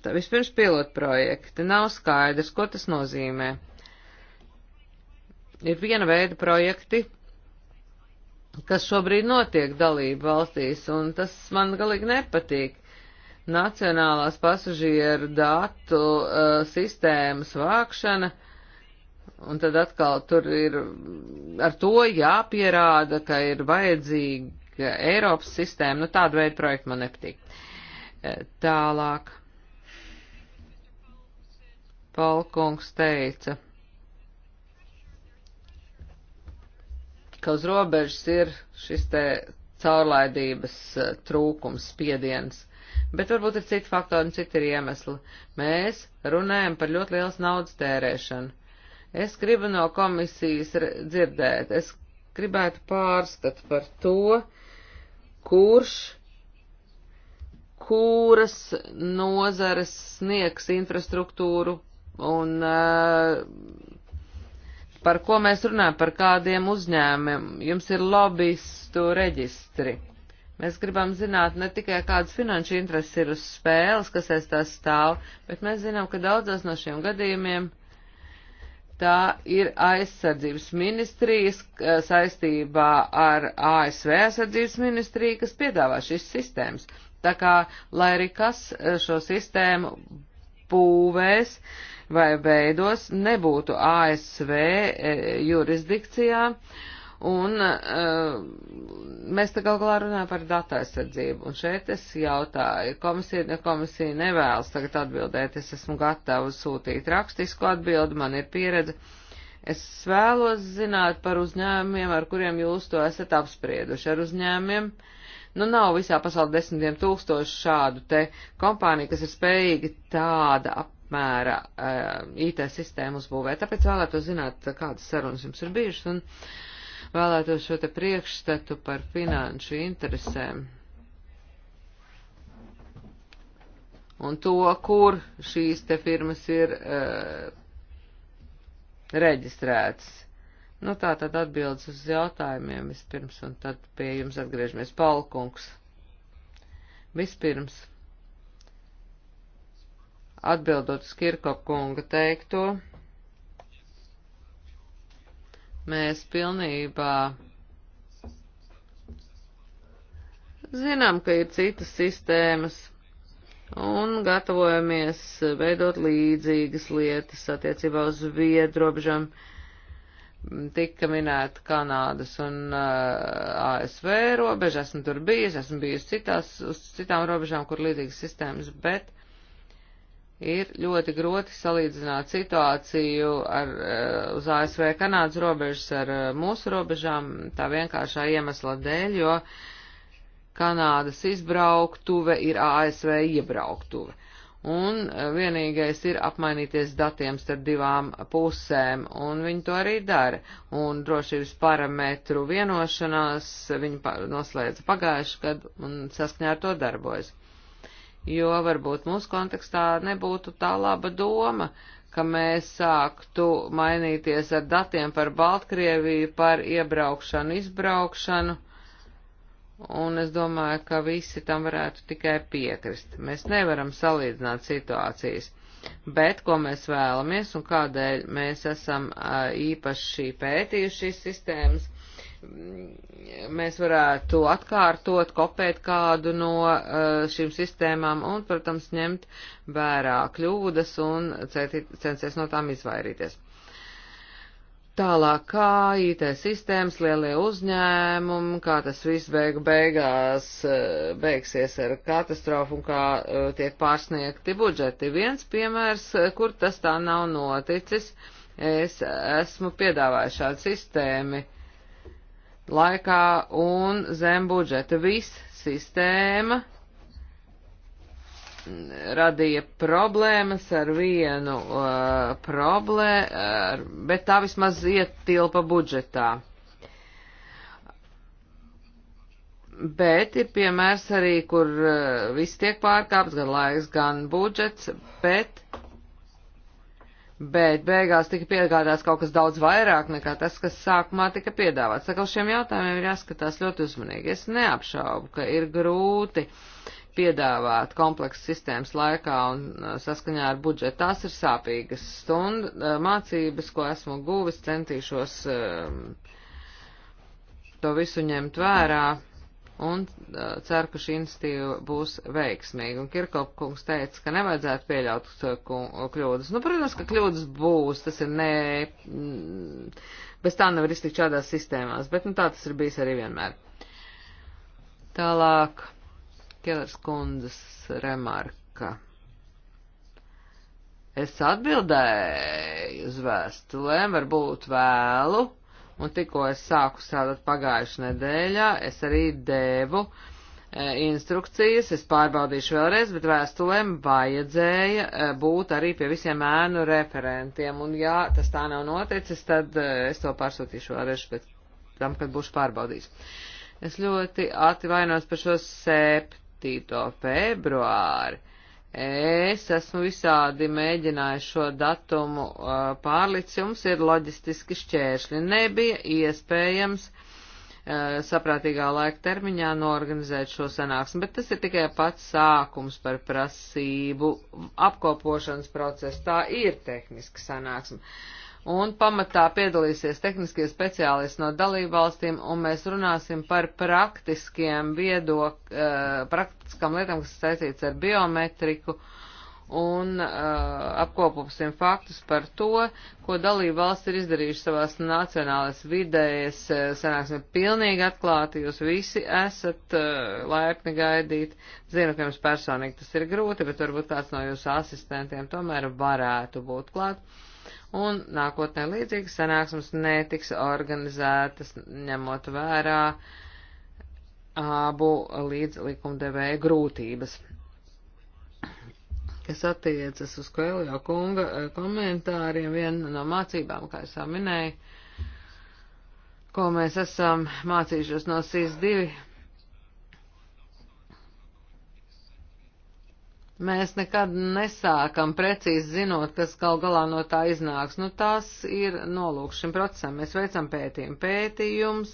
D: Tā vispirms pilotprojekti. Nav skaidrs, ko tas nozīmē ir viena veida projekti, kas šobrīd notiek dalību valstīs, un tas man galīgi nepatīk. Nacionālās pasažieru datu uh, sistēmas vākšana, un tad atkal tur ir ar to jāpierāda, ka ir vajadzīga Eiropas sistēma, nu tāda veida projekta man nepatīk. Uh, tālāk. Palkungs teica ka uz robežas ir šis te caurlaidības eh, trūkums, spiediens. Bet varbūt ir citi faktori un citi ir iemesli. Mēs runājam par ļoti lielas naudas tērēšanu. Es gribu no komisijas dzirdēt, es gribētu pārstat par to, kurš, kuras nozares sniegs infrastruktūru un uh, par ko mēs runājam, par kādiem uzņēmumiem. Jums ir lobbyistu reģistri. Mēs gribam zināt ne tikai kādas finanšu intereses ir uz spēles, kas aiz tās stāv, bet mēs zinām, ka daudzos no šiem gadījumiem tā ir aizsardzības ministrijas saistībā ar ASV aizsardzības ministriju, kas piedāvā šīs sistēmas. Tā kā, lai arī kas eh, šo sistēmu būvēs, uh, vai veidos nebūtu ASV e, jurisdikcijā, un e, mēs te gal galā runājam par datu aizsardzību, un šeit es jautāju, komisija, ne komisija nevēlas tagad atbildēt, es esmu gatava sūtīt rakstisku atbildi, man ir pieredze. Es vēlos zināt par uzņēmumiem, ar kuriem jūs to esat apsprieduši, ar uzņēmumiem, uh, Nu, nav visā pasaulē desmitiem tūkstoši šādu te kompāniju, kas ir spējīgi tāda ap, apmēra eh, IT sistēmu uzbūvē. Tāpēc vēlētos zināt, kādas sarunas jums ir bijušas un vēlētos šo te priekšstatu par finanšu interesēm. Un to, kur šīs te firmas ir uh, reģistrētas. Nu, tā tad atbildes uz jautājumiem vispirms, un tad pie jums atgriežamies palkungs. Vispirms. Atbildot Skirkokunga teikto, mēs pilnībā zinām, ka ir citas sistēmas un gatavojamies veidot līdzīgas lietas attiecībā uz viedrobežam. Tika minēta Kanādas un uh, ASV robeža, esmu tur bijis, esmu bijis citās, uz citām robežām, kur līdzīgas sistēmas, bet ir ļoti grūti salīdzināt situāciju ar, eh, uz ASV Kanādas robežas ar eh, mūsu robežām tā vienkāršā iemesla dēļ, jo Kanādas izbrauktuve ir ASV iebrauktuve. Un eh, vienīgais ir apmainīties datiem starp divām pusēm, un viņi to arī dara. Un drošības parametru vienošanās viņi noslēdza pagājuši gadu un saskņā ar to darbojas jo varbūt mūsu kontekstā nebūtu tā laba doma, ka mēs sāktu mainīties ar datiem par Baltkrieviju, par iebraukšanu, izbraukšanu, un es domāju, ka visi tam varētu tikai piekrist. Mēs nevaram salīdzināt situācijas, bet ko mēs vēlamies un kādēļ mēs esam īpaši pētījuši šīs sistēmas Mm, mēs varētu atkārtot, kopēt kādu no eh, šīm sistēmām un, protams, ņemt vērā kļūdas un censties no tām izvairīties. Tālāk, kā IT sistēmas, lielie uzņēmumi, kā tas viss beigu beigās eh, beigsies ar katastrofu un kā eh, tiek pārsniegti budžeti. Viens piemērs, kur tas tā nav noticis, es esmu piedāvājis šādu sistēmu laikā un zem budžeta. Viss sistēma radīja problēmas ar vienu uh, problēmu, uh, bet tā vismaz ietilpa budžetā. Bet ir piemērs arī, kur uh, viss tiek pārkāpts, gan laiks, gan budžets, bet bet beigās tika piegādāts kaut kas daudz vairāk nekā tas, kas sākumā tika piedāvāts. Sakal, šiem jautājumiem ir jāskatās ļoti uzmanīgi. Es neapšaubu, ka ir grūti piedāvāt kompleksu sistēmas laikā un uh, saskaņā ar budžetu. Tās ir sāpīgas stundas, uh, mācības, ko esmu guvis, centīšos um, to visu ņemt vērā. Mm un ceru, ka šī institīva būs veiksmīga. Un Kirkop kungs teica, ka nevajadzētu pieļaut kļūdas. Nu, protams, ka kļūdas būs, tas ir nē, mm, bez tā nevar iztikt šādās sistēmās, bet nu, tā tas ir bijis arī vienmēr. Tālāk, Kelers kundzes remarka. Es atbildēju uz vēstulēm, varbūt vēlu, un tikko es sāku strādāt pagājušajā nedēļā, es arī devu e, instrukcijas, es pārbaudīšu vēlreiz, bet vēstulēm vajadzēja e, būt arī pie visiem ēnu referentiem, un ja tas tā nav noticis, tad e, es to pārsūtīšu vēlreiz pēc tam, kad būšu pārbaudījis. Es ļoti atvainos par šo 7. februāri. Es esmu visādi mēģinājis šo datumu uh, pārlicis, jums ir loģistiski šķēršļi. Nebija iespējams uh, saprātīgā laika termiņā norganizēt šo sanāksmi, bet tas ir tikai pats sākums par prasību apkopošanas procesu. Tā ir tehniska sanāksme. Uh, un pamatā piedalīsies tehniskie speciālisti no dalībvalstīm, un mēs runāsim par praktiskiem viedok, uh, praktiskām lietām, kas saistīts ar biometriku, un uh, eh, apkopupsim faktus par to, ko dalībvalsts ir izdarījuši savās nacionālās vidējas, eh, sanāksim, pilnīgi atklāti, jūs visi esat uh, laipni gaidīt. Zinu, ka jums personīgi tas ir grūti, bet varbūt kāds no jūsu asistentiem tomēr varētu būt klāt un nākotnē līdzīgas sanāksmes netiks organizētas, ņemot vērā abu līdz likumdevēja grūtības. Kas attiecas uz Koeljo kunga eh, komentāriem, viena no mācībām, kā es jau minēju, ko mēs esam mācījušies no SIS 2 Mēs nekad nesākam precīzi zinot, kas gal galā no tā iznāks. Nu, tas ir nolūks šim procesam. Mēs veicam pētījumu. Pētījums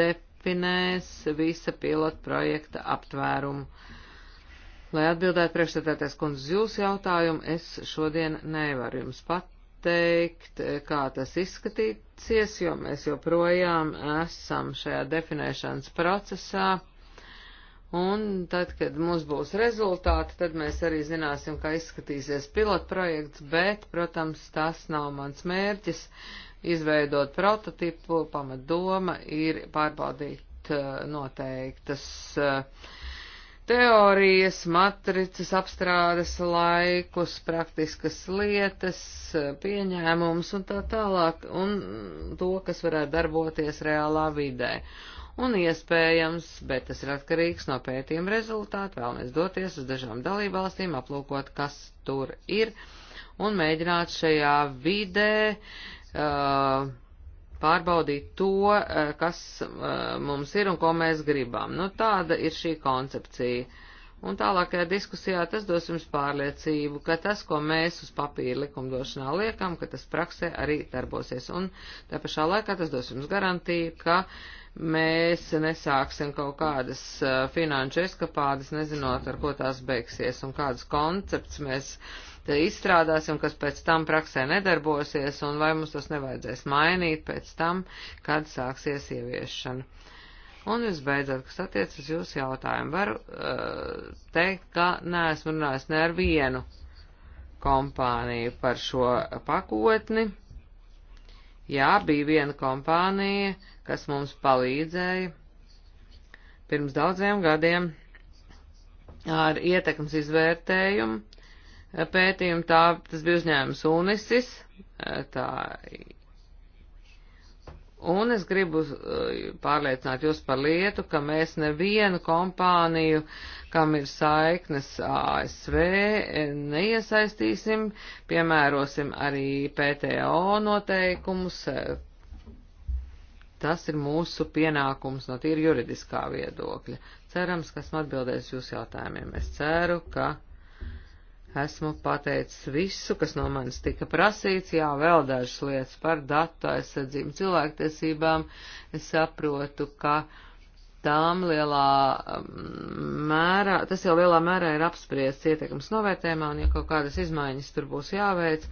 D: definēs visa pilota projekta aptvērumu. Lai atbildētu priekšstādātais kundzes jūsu jautājumu, es šodien nevaru jums pateikt, kā tas izskatīsies, jo mēs joprojām esam šajā definēšanas procesā Un tad, kad mums būs rezultāti, tad mēs arī zināsim, kā izskatīsies pilotprojekts, bet, protams, tas nav mans mērķis. Izveidot prototipu, pamatdoma ir pārbaudīt eh, noteiktas eh, teorijas, matricas, apstrādes laikus, praktiskas lietas, eh, pieņēmumus un tā tālāk, un to, kas varētu darboties reālā vidē un iespējams, bet tas ir atkarīgs no pētījuma rezultātu, vēlamies doties uz dažām dalībvalstīm, aplūkot, kas tur ir, un mēģināt šajā vidē uh, pārbaudīt to, uh, kas uh, mums ir un ko mēs gribam. Nu, tāda ir šī koncepcija. Un tālākajā diskusijā tas dos jums pārliecību, ka tas, ko mēs uz papīra likumdošanā liekam, ka tas praksē arī darbosies. Un tā pašā laikā tas dos jums garantiju, ka uh, mēs nesāksim kaut kādas finanšu eskapādes, nezinot, ar ko tās beigsies un kādas koncepts mēs izstrādāsim, kas pēc tam praksē nedarbosies un vai mums tas nevajadzēs mainīt pēc tam, kad sāksies ieviešana. Un visbeidzot, kas attiec uz jūsu jautājumu, varu uh, teikt, ka neesmu runājis ne ar vienu kompāniju par šo pakotni. Uh, Jā, bija viena kompānija, kas mums palīdzēja pirms daudziem gadiem ar ietekmes izvērtējumu pētījumu. Tā, tas bija uzņēmums Unisis, tā Un es gribu eh, pārliecināt jūs par lietu, ka mēs nevienu kompāniju, kam ir saiknes ASV, neiesaistīsim, piemērosim arī PTO noteikumus. Tas ir mūsu pienākums no tīri juridiskā viedokļa. Cerams, ka esmu atbildējis jūsu jautājumiem. Es ceru, ka Esmu pateicis visu, kas no manis tika prasīts, jā, vēl dažas lietas par datu aizsardzību cilvēktiesībām. Es saprotu, ka tām lielā um, mērā, tas jau lielā mērā ir apspriests ietekmes novērtējumā, un ja kaut kādas izmaiņas tur būs jāveic,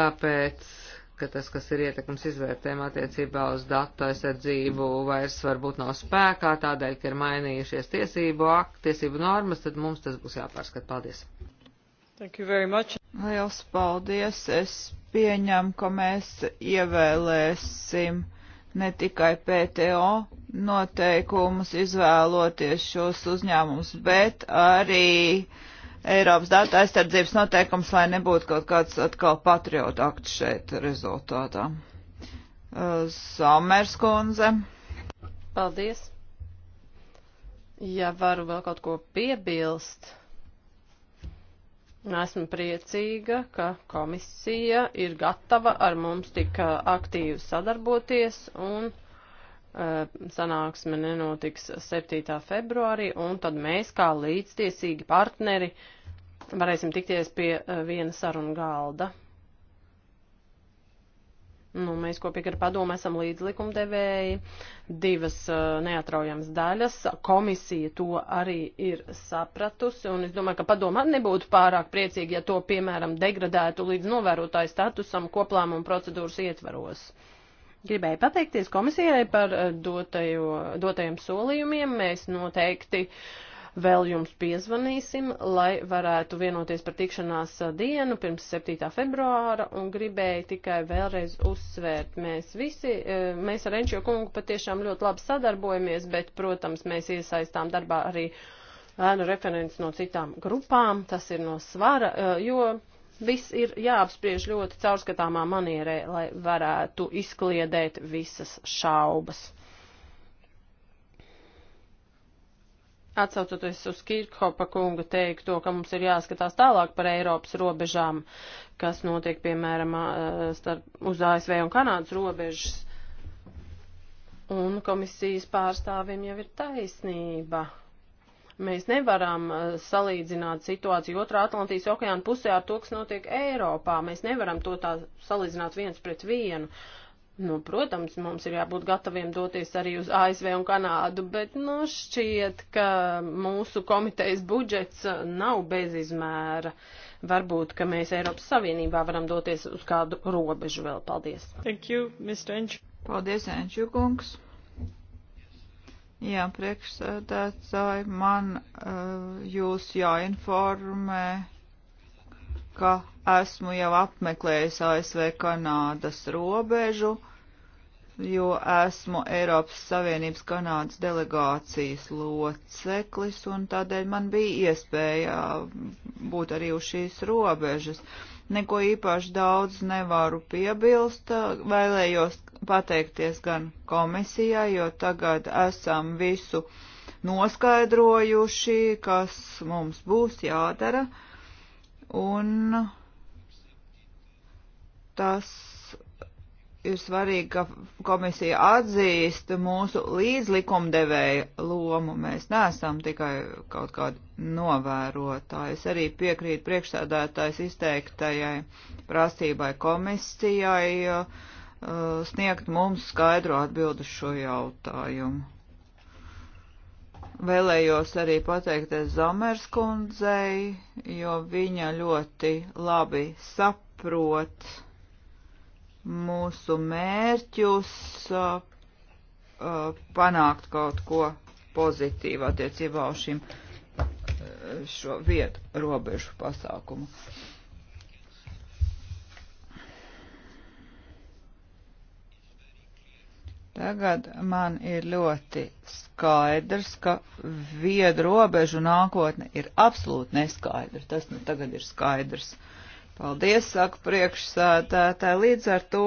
D: tāpēc ka tas, kas ir ietekmes izvērtējuma attiecībā uz datu aizsardzību, vairs varbūt nav spēkā, tādēļ, ka ir mainījušies tiesību akti, tiesību normas, tad mums tas būs jāpārskat. Paldies!
A: Thank you very much. Liels paldies! Es pieņemu, ka mēs ievēlēsim ne tikai PTO noteikumus izvēloties šos uzņēmumus, bet arī uh, Eiropas datu aizsardzības noteikums, lai nebūtu kaut kāds atkal patriota akts šeit rezultātā. Uh, Samers
B: kundze. Paldies. Ja varu vēl kaut ko piebilst. Esmu priecīga, ka komisija ir gatava ar mums tik uh, aktīvi sadarboties un Eh, sanāksme nenotiks 7. februārī, un tad mēs kā līdztiesīgi partneri varēsim tikties pie eh, viena saruna galda. Nu, mēs kopīgi ar padomu esam līdzlikumdevēji, divas uh, neatraujamas daļas. Komisija to arī ir sapratusi, un es domāju, ka padoma nebūtu pārāk priecīgi, ja to, piemēram, degradētu līdz novērotāju statusam koplāmumu procedūras ietvaros. Uh, Gribēju pateikties komisijai par eh, dotajo, dotajiem solījumiem. Mēs noteikti vēl jums piezvanīsim, lai varētu vienoties par tikšanās eh, dienu pirms 7. februāra un gribēju tikai vēlreiz uzsvērt. Mēs visi, eh, mēs ar Enčio kungu patiešām ļoti labi sadarbojamies, bet, protams, mēs iesaistām darbā arī ēnu referents no citām grupām. Tas ir no svara, jo Viss ir jāapspriež ļoti caurskatāmā manierē, lai varētu izkliedēt visas šaubas. Atcaucoties uz Kirkhopa kunga teikto, ka mums ir jāskatās tālāk par Eiropas robežām, kas notiek, piemēram, starp, uz ASV un Kanādas robežas, un komisijas pārstāvim jau ir taisnība. Mēs nevaram uh, salīdzināt situāciju otrā Atlantijas okeāna pusē ar to, kas notiek Eiropā. Mēs nevaram to tā salīdzināt viens pret vienu. Nu, protams, mums ir jābūt gataviem doties arī uz ASV un Kanādu, bet nu, šķiet, ka mūsu komitejas budžets uh, nav bezizmēra. Varbūt, ka mēs Eiropas Savienībā varam doties uz kādu robežu vēl. Paldies.
A: Thank you, Mr. Enč.
B: Paldies, Enču kungs.
A: Jā, priekšsēdētāji, man uh, jūs jāinformē, ka esmu jau apmeklējis ASV Kanādas robežu, jo esmu Eiropas Savienības Kanādas delegācijas loceklis, un tādēļ man bija iespēja eh, būt arī uz šīs robežas. Neko īpaši daudz nevaru piebilst, eh, vēlējos pateikties gan komisijai, jo tagad esam visu noskaidrojuši, kas mums būs jādara, un tas ir svarīgi, ka komisija atzīst mūsu līdzlikumdevēju lomu. Mēs neesam tikai kaut kādi novērotāji. Es arī piekrītu priekšsēdētājs izteiktajai prasībai komisijai Uh, sniegt mums skaidru atbildu šo jautājumu. Vēlējos arī pateikties Zomers kundzei, jo viņa ļoti labi saprot mūsu mērķus uh, panākt kaut ko pozitīvu attiecībā uz šim uh, šo vietu robežu pasākumu. Tagad man ir ļoti skaidrs, ka viedu robežu nākotne ir absolūti neskaidra. Tas nu tagad ir skaidrs. Paldies, saka priekšsētētāji. Līdz ar to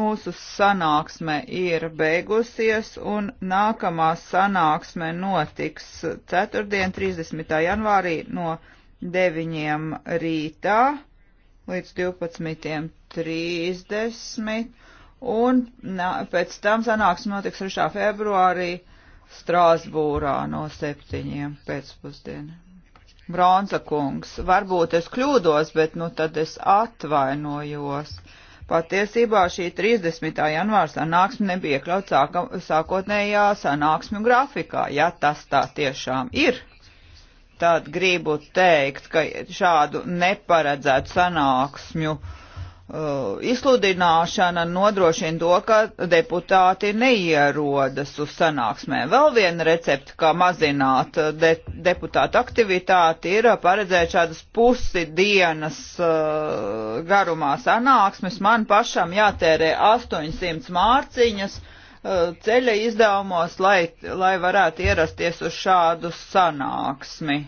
A: mūsu sanāksme ir beigusies un nākamā sanāksme notiks ceturtdien, 30. janvārī no 9. rītā līdz 12.30 un nā, pēc tam sanāksme notiks 3. februārī Strāsbūrā no 7. pēcpusdienā. Bronza kungs, varbūt es kļūdos, bet nu tad es atvainojos. Patiesībā šī 30. janvāra sanāksme nebija iekļauts sākotnējā sanāksmju grafikā, ja tas tā tiešām ir. Tad gribu teikt, ka šādu neparedzētu sanāksmju uh, Uh, izsludināšana nodrošina to, ka deputāti neierodas uz sanāksmēm. Vēl viena recepte, kā mazināt uh, de deputātu aktivitāti, ir uh, paredzēt šādas pusi dienas uh, garumā sanāksmes. Man pašam jātērē 800 mārciņas uh, ceļa izdevumos, lai, lai varētu ierasties uz šādu sanāksmi.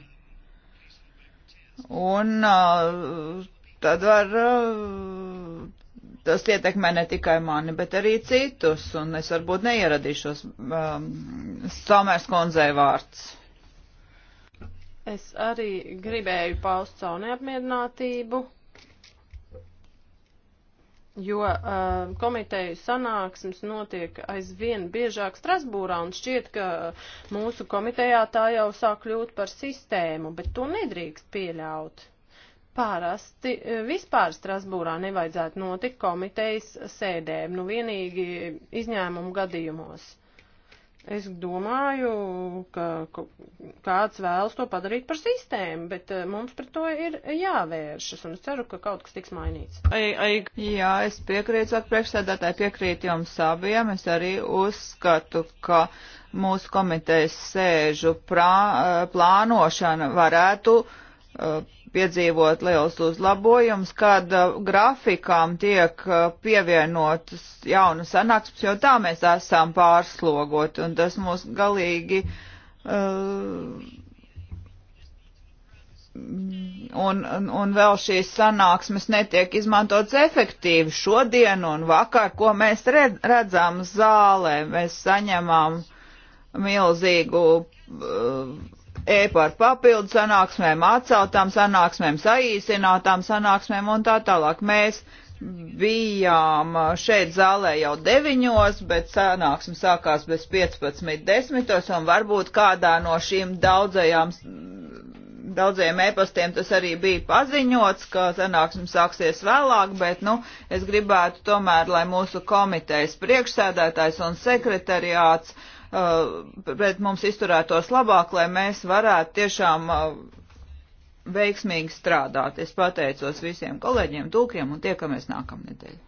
A: Un uh, tad var, uh, tas ietekmē ne tikai mani, bet arī citus, un es varbūt neieradīšos. Um, Somers kundzei vārds.
B: Es arī gribēju paust savu neapmierinātību, jo uh, komiteju sanāksmes notiek aizvien biežāk Strasbūrā un šķiet, ka mūsu komitejā tā jau sāk kļūt par sistēmu, bet to nedrīkst pieļaut. Parasti e, vispār Strasbūrā nevajadzētu notikt komitejas sēdēm, nu vienīgi izņēmumu gadījumos. Es domāju, ka kāds vēlas to padarīt par sistēmu, bet e, mums par to ir jāvēršas, un es ceru, ka kaut kas tiks mainīts.
A: Ai, ai. Jā, es piekrītu, saka priekšsēdētāji, piekrītu jums abiem. Es arī uzskatu, ka mūsu komitejas sēžu prā, e, plānošana varētu uh, piedzīvot liels uzlabojums, kad uh, grafikām tiek uh, pievienotas jaunas sanāksmes, jo tā mēs esam pārslogoti, un tas mūs galīgi. Uh, un, un, un vēl šīs sanāksmes netiek izmantotas efektīvi šodien un vakar, ko mēs redzam zālē. Mēs saņemam milzīgu. Uh, e par papildu sanāksmēm, atceltām sanāksmēm, saīsinātām sanāksmēm un tā tālāk. Mēs bijām šeit zālē jau deviņos, bet sanāksme sākās bez 15.10. un varbūt kādā no šīm daudzajām, daudzajiem epastiem tas arī bija paziņots, ka sanāksme sāksies vēlāk, bet, nu, es gribētu tomēr, lai mūsu komitejas priekšsēdētājs un sekretariāts uh, pret uh, mums izturētos labāk, lai mēs varētu tiešām uh, veiksmīgi strādāt. Es pateicos visiem kolēģiem, tūkiem un tiekamies nākamnedēļ.